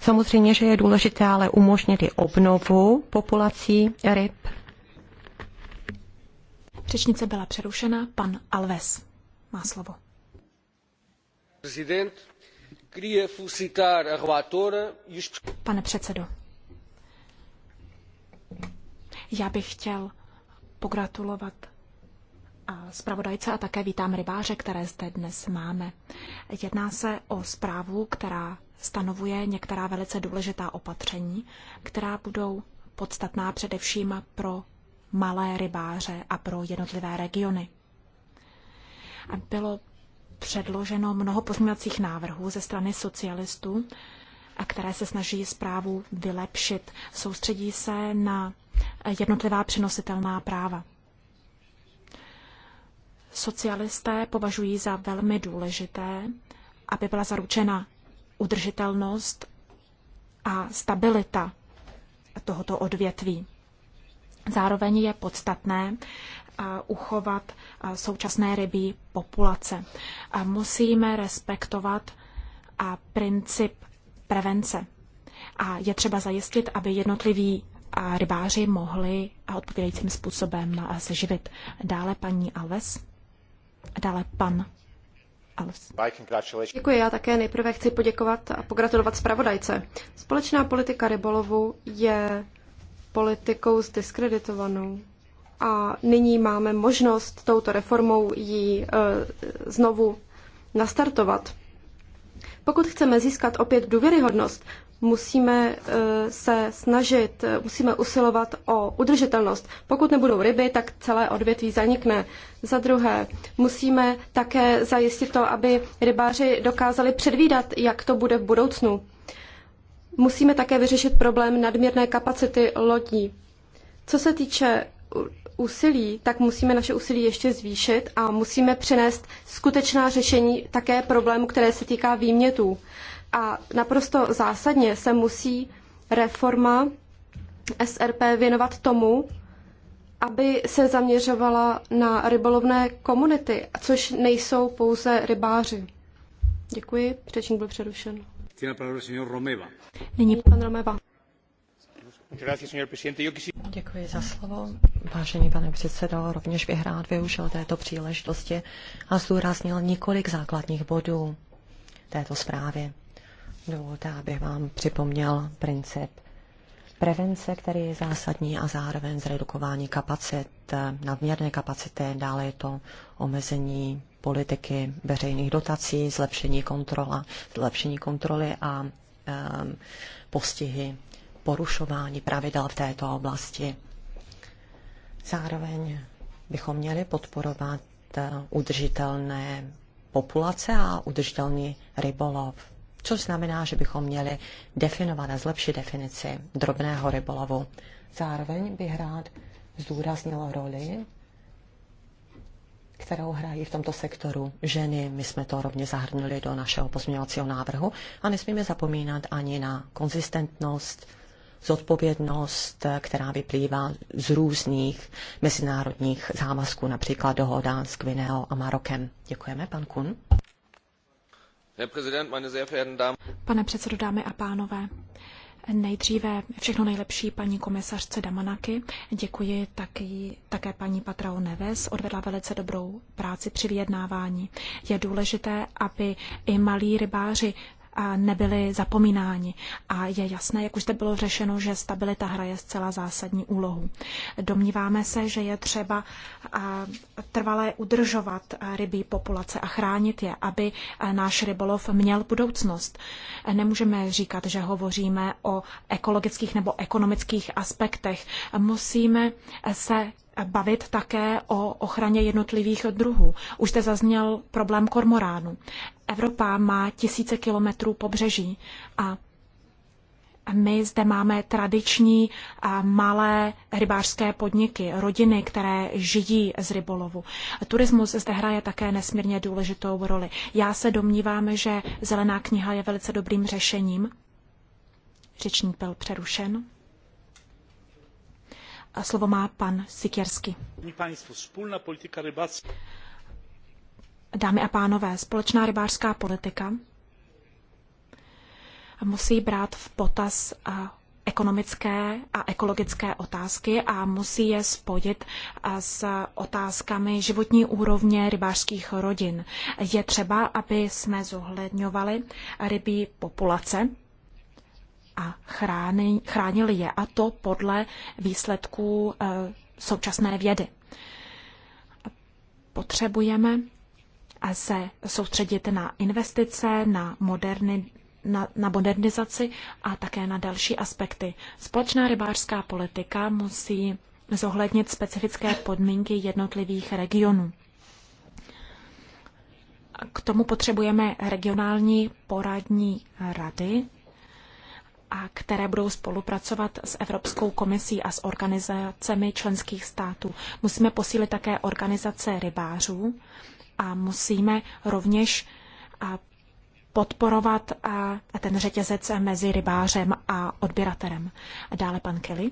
Samozřejmě, že je důležité ale umožnit i obnovu populací ryb. Řečnice byla přerušena. Pan Alves má slovo. E Pane předsedo, já bych chtěl pogratulovat zpravodajce a také vítám rybáře, které zde dnes máme. Jedná se o zprávu, která stanovuje některá velice důležitá opatření, která budou podstatná především pro malé rybáře a pro jednotlivé regiony. A bylo předloženo mnoho pozměňovacích návrhů ze strany socialistů, a které se snaží zprávu vylepšit. Soustředí se na jednotlivá přenositelná práva. Socialisté považují za velmi důležité, aby byla zaručena udržitelnost a stabilita tohoto odvětví. Zároveň je podstatné eh, uchovat eh, současné rybí populace. Musíme respektovat eh, princip prevence. A je třeba zajistit, aby jednotliví rybáři mohli odpovídajícím způsobem se živit. Dále paní Alves, dále pan Els. Děkuji, já také nejprve chci poděkovat a pogratulovat zpravodajce. Společná politika rybolovu je politikou zdiskreditovanou. A nyní máme možnost touto reformou ji e, znovu nastartovat. Pokud chceme získat opět důvěryhodnost, musíme eh, se snažit, eh, musíme usilovat o udržitelnost. Pokud nebudou ryby, tak celé odvětví zanikne. Za druhé, musíme také zajistit to, aby rybáři dokázali předvídat, jak to bude v budoucnu. Musíme také vyřešit problém nadměrné kapacity lodí. Co se týče úsilí, tak musíme naše úsilí ještě zvýšit a musíme přinést skutečná řešení také problému, které se týká výmětů. A naprosto zásadně se musí reforma SRP věnovat tomu, aby se zaměřovala na rybolovné komunity, což nejsou pouze rybáři. Děkuji, řečník byl přerušen. Nyní pan Romeva. Děkuji za slovo. Vážený pane předsedo, rovněž bych rád využil této příležitosti a zdůraznil několik základních bodů této zprávy. Dovolte, abych vám připomněl princip prevence, který je zásadní a zároveň zredukování kapacit, nadměrné kapacity, dále je to omezení politiky veřejných dotací, zlepšení, kontrola, zlepšení kontroly a um, postihy porušování pravidel v této oblasti. Zároveň bychom měli podporovat eh, udržitelné populace a udržitelný rybolov což znamená, že bychom měli definovat a zlepšit definici drobného rybolovu. Zároveň bych rád zdůraznil roli, kterou hrají v tomto sektoru ženy. My jsme to rovně zahrnuli do našeho pozměňovacího návrhu a nesmíme zapomínat ani na konzistentnost, zodpovědnost, která vyplývá z různých mezinárodních závazků, například dohoda s Gvineou a Marokem. Děkujeme, pan Kun. Pane předsedo, dámy a pánové, nejdříve všechno nejlepší paní komisařce Damanaky. Děkuji taky, také paní Patrao Neves, odvedla velice dobrou práci při vyjednávání. Je důležité, aby i malí rybáři nebyli zapomínáni. A je jasné, jak už zde bylo řešeno, že stabilita hraje zcela zásadní úlohu. Domníváme se, že je třeba trvalé udržovat rybí populace a chránit je, aby náš rybolov měl budoucnost. Nemůžeme říkat, že hovoříme o ekologických nebo ekonomických aspektech. Musíme se bavit také o ochraně jednotlivých druhů. Už zde zazněl problém kormoránu. Evropa má tisíce kilometrů pobřeží a my zde máme tradiční malé rybářské podniky, rodiny, které žijí z rybolovu. Turismus zde hraje také nesmírně důležitou roli. Já se domnívám, že zelená kniha je velice dobrým řešením. Řečník byl přerušen. A slovo má pan Dámy a pánové, společná rybářská politika musí brát v potaz ekonomické a ekologické otázky a musí je spojit s otázkami životní úrovně rybářských rodin. Je třeba, aby jsme zohledňovali rybí populace a chrány, chránili je, a to podle výsledků eh, současné vědy. Potřebujeme se soustředit na investice, na, moderni, na, na modernizaci a také na další aspekty. Společná rybářská politika musí zohlednit specifické podmínky jednotlivých regionů. K tomu potřebujeme regionální poradní rady a které budou spolupracovat s Evropskou komisí a s organizacemi členských států. Musíme posílit také organizace rybářů a musíme rovněž podporovat ten řetězec mezi rybářem a odběratelem. Dále pan Kelly.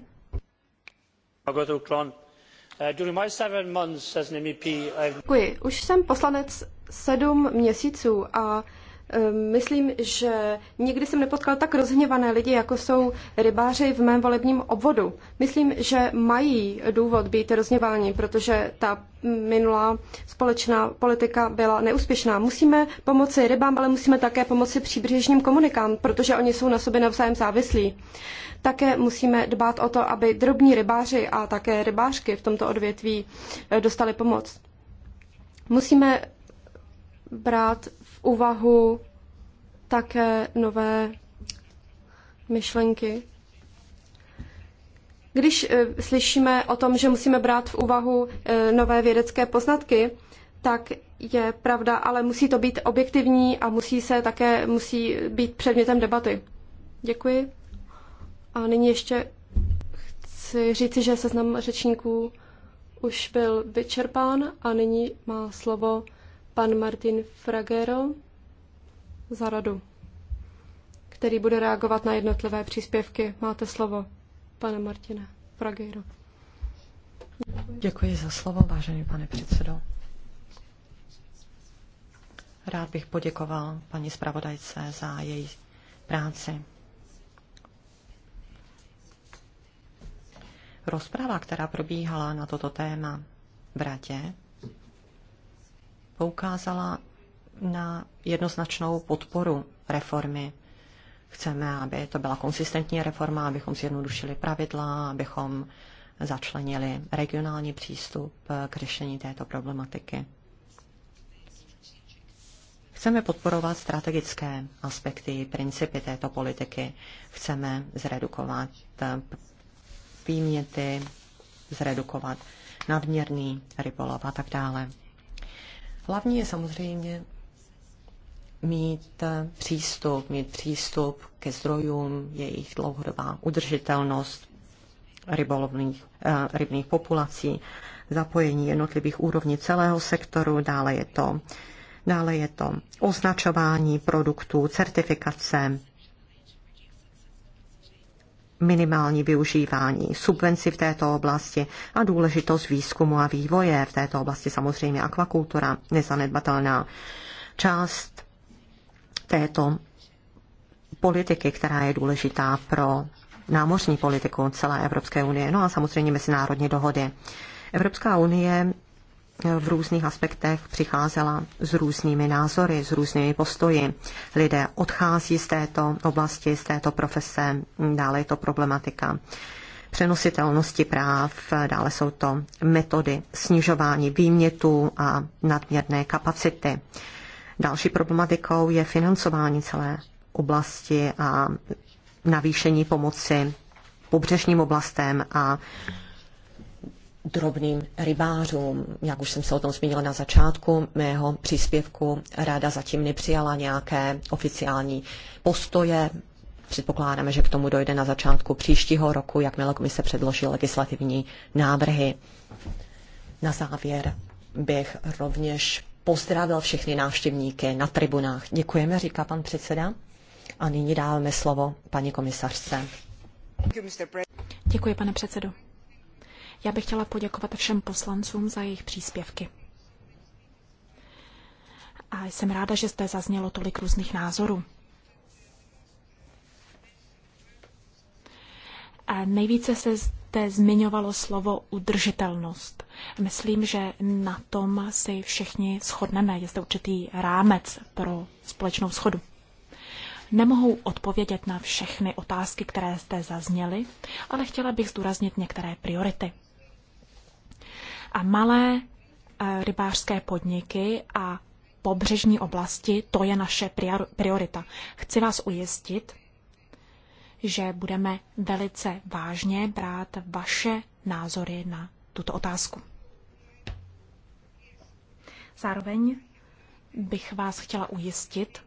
Děkuji. Už jsem poslanec sedm měsíců a Ehm, myslím, že nikdy jsem nepotkal tak rozhněvané lidi, jako jsou rybáři v mém volebním obvodu. Myslím, že mají důvod být rozhněváni, protože ta minulá společná politika byla neúspěšná. Musíme pomoci rybám, ale musíme také pomoci příbřežním komunikám, protože oni jsou na sobě navzájem závislí. Také musíme dbát o to, aby drobní rybáři a také rybářky v tomto odvětví eh, dostali pomoc. Musíme brát úvahu také nové myšlenky. Když eh, slyšíme o tom, že musíme brát v úvahu eh, nové vědecké poznatky, tak je pravda, ale musí to být objektivní a musí se také musí být předmětem debaty. Děkuji. A nyní ještě chci říci, že seznam řečníků už byl vyčerpán a nyní má slovo pan Martin Fragero za radu, který bude reagovat na jednotlivé příspěvky. Máte slovo, pane Martine Fragero. Děkuji za slovo, vážený pane předsedo. Rád bych poděkoval paní zpravodajce za její práci. Rozpráva, která probíhala na toto téma v Radě, poukázala na jednoznačnou podporu reformy. Chceme, aby to byla konsistentní reforma, abychom zjednodušili pravidla, abychom začlenili regionální přístup k řešení této problematiky. Chceme podporovat strategické aspekty, principy této politiky. Chceme zredukovat výměty, zredukovat nadměrný rybolov a tak dále. Hlavní je samozřejmě mít eh, přístup, mít přístup ke zdrojům, jejich dlouhodobá udržitelnost rybolovných, eh, rybných populací, zapojení jednotlivých úrovní celého sektoru, dále je to, dále je to označování produktů, certifikace, minimální využívání subvenci v této oblasti a důležitost výzkumu a vývoje v této oblasti, samozřejmě akvakultura, nezanedbatelná část této politiky, která je důležitá pro námořní politiku celé Evropské unie, no a samozřejmě mezinárodní dohody. Evropská unie v různých aspektech přicházela s různými názory, s různými postoji. Lidé odchází z této oblasti, z této profese, dále je to problematika přenositelnosti práv, dále jsou to metody snižování výmětů a nadměrné kapacity. Další problematikou je financování celé oblasti a navýšení pomoci pobřežním oblastem a drobným rybářům. Jak už jsem se o tom zmínila na začátku mého příspěvku, ráda zatím nepřijala nějaké oficiální postoje. Předpokládáme, že k tomu dojde na začátku příštího roku, jakmile komise předloží legislativní návrhy. Na závěr bych rovněž pozdravil všechny návštěvníky na tribunách. Děkujeme, říká pan předseda. A nyní dáváme slovo paní komisařce. Děkuji, pane předsedo. Já bych chtěla poděkovat všem poslancům za jejich příspěvky. A jsem ráda, že zde zaznělo tolik různých názorů. A nejvíce se zde zmiňovalo slovo udržitelnost. Myslím, že na tom si všichni shodneme. Je zde určitý rámec pro společnou schodu. Nemohu odpovědět na všechny otázky, které zde zazněly, ale chtěla bych zdůraznit některé priority malé eh, rybářské podniky a pobřežní oblasti, to je naše priorita. Chci vás ujistit, že budeme velice vážně brát vaše názory na tuto otázku. Zároveň bych vás chtěla ujistit,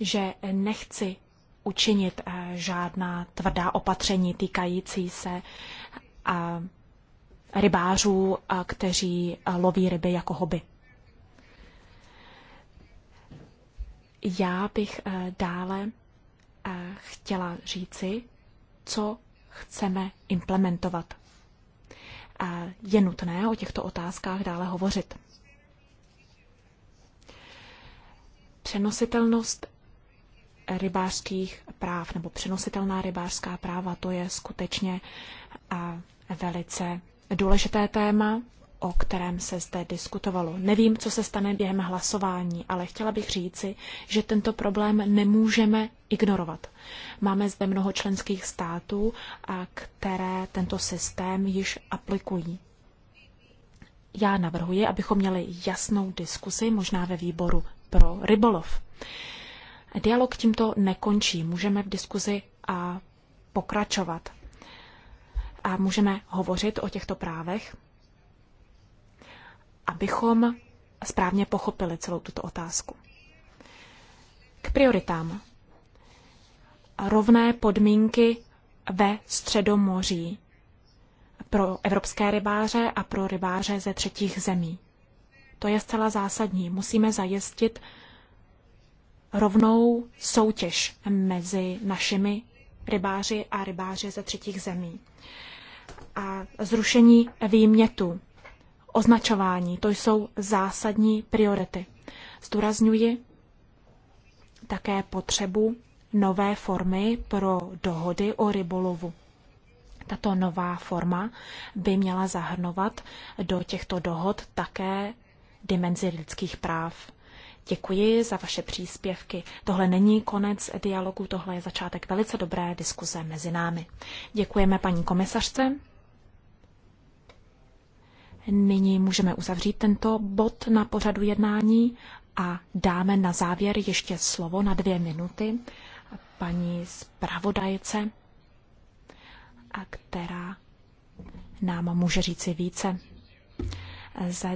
že nechci učinit eh, žádná tvrdá opatření týkající se eh, rybářů, eh, kteří loví ryby jako hobby. Já bych dále chtěla říci, co chceme implementovat. Je nutné o těchto otázkách dále hovořit. Přenositelnost rybářských práv nebo přenositelná rybářská práva, to je skutečně velice důležité téma, o kterém se zde diskutovalo. Nevím, co se stane během hlasování, ale chtěla bych říci, že tento problém nemůžeme ignorovat. Máme zde mnoho členských států, a které tento systém již aplikují. Já navrhuji, abychom měli jasnou diskusi, možná ve výboru pro rybolov. Dialog tímto nekončí. Můžeme v diskuzi a pokračovat. A můžeme hovořit o těchto právech, abychom správně pochopili celou tuto otázku. K prioritám. Rovné podmínky ve Středomoří pro evropské rybáře a pro rybáře ze třetích zemí. To je zcela zásadní. Musíme zajistit rovnou soutěž mezi našimi rybáři a rybáři ze třetích zemí. A zrušení výmětu, označování, to jsou zásadní priority. Zdůrazňuji také potřebu nové formy pro dohody o rybolovu. Tato nová forma by měla zahrnovat do těchto dohod také dimenzi lidských práv Děkuji za vaše příspěvky. Tohle není konec dialogu, tohle je začátek velice dobré diskuze mezi námi. Děkujeme paní komisařce. Nyní můžeme uzavřít tento bod na pořadu jednání a dáme na závěr ještě slovo na dvě minuty paní zpravodajce, která nám může říci více. Z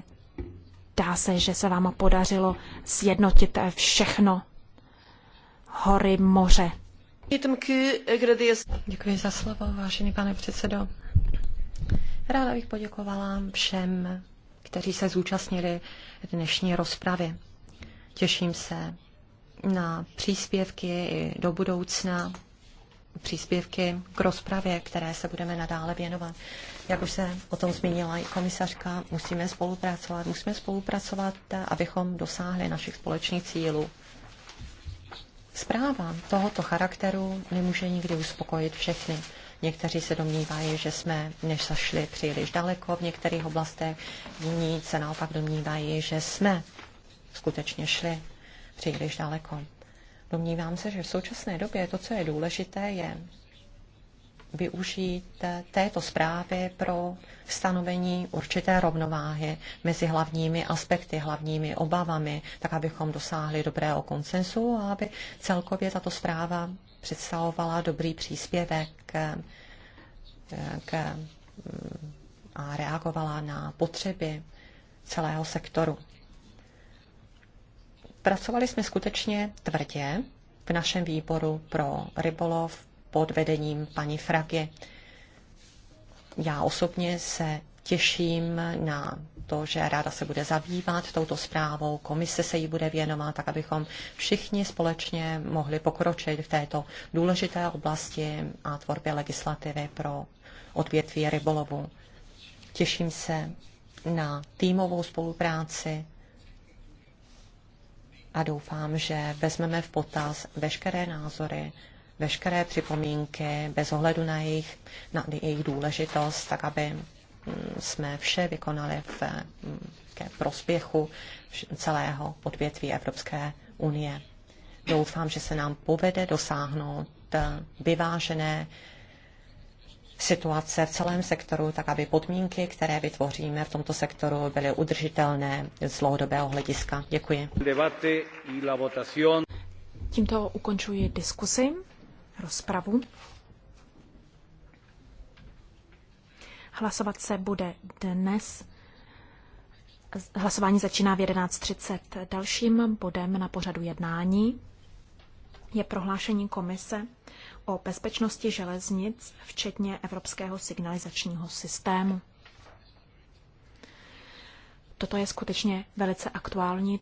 Zdá se, že se vám podařilo sjednotit všechno. Hory, moře. Děkuji za slovo, vážený pane předsedo. Ráda bych poděkovala všem, kteří se zúčastnili dnešní rozpravy. Těším se na příspěvky i do budoucna příspěvky k rozpravě, které se budeme nadále věnovat. Jak už se o tom zmínila i komisařka, musíme spolupracovat, musíme spolupracovat, abychom dosáhli našich společných cílů. Zpráva tohoto charakteru nemůže nikdy uspokojit všechny. Někteří se domnívají, že jsme zašli příliš daleko v některých oblastech, jiní se naopak domnívají, že jsme skutečně šli příliš daleko. Domnívám se, že v současné době to, co je důležité, je využít této zprávy pro stanovení určité rovnováhy mezi hlavními aspekty, hlavními obavami, tak abychom dosáhli dobrého konsensu a aby celkově tato zpráva představovala dobrý příspěvek k, k, a reagovala na potřeby celého sektoru. Pracovali jsme skutečně tvrdě v našem výboru pro rybolov pod vedením paní Fragy. Já osobně se těším na to, že ráda se bude zabývat touto zprávou, komise se jí bude věnovat, tak abychom všichni společně mohli pokročit v této důležité oblasti a tvorbě legislativy pro odvětví rybolovu. Těším se na týmovou spolupráci a doufám, že vezmeme v potaz veškeré názory, veškeré připomínky, bez ohledu na jejich, na jejich důležitost, tak aby mm, jsme vše vykonali v, mm, ke prospěchu celého odvětví Evropské unie. Doufám, že se nám povede dosáhnout eh, vyvážené situace v celém sektoru, tak aby podmínky, které vytvoříme v tomto sektoru, byly udržitelné z dlouhodobého hlediska. Děkuji. Tímto ukončuji diskusi, rozpravu. Hlasovat se bude dnes. Hlasování začíná v 11.30. Dalším bodem na pořadu jednání je prohlášení komise o bezpečnosti železnic, včetně evropského signalizačního systému. Toto je skutečně velice aktuální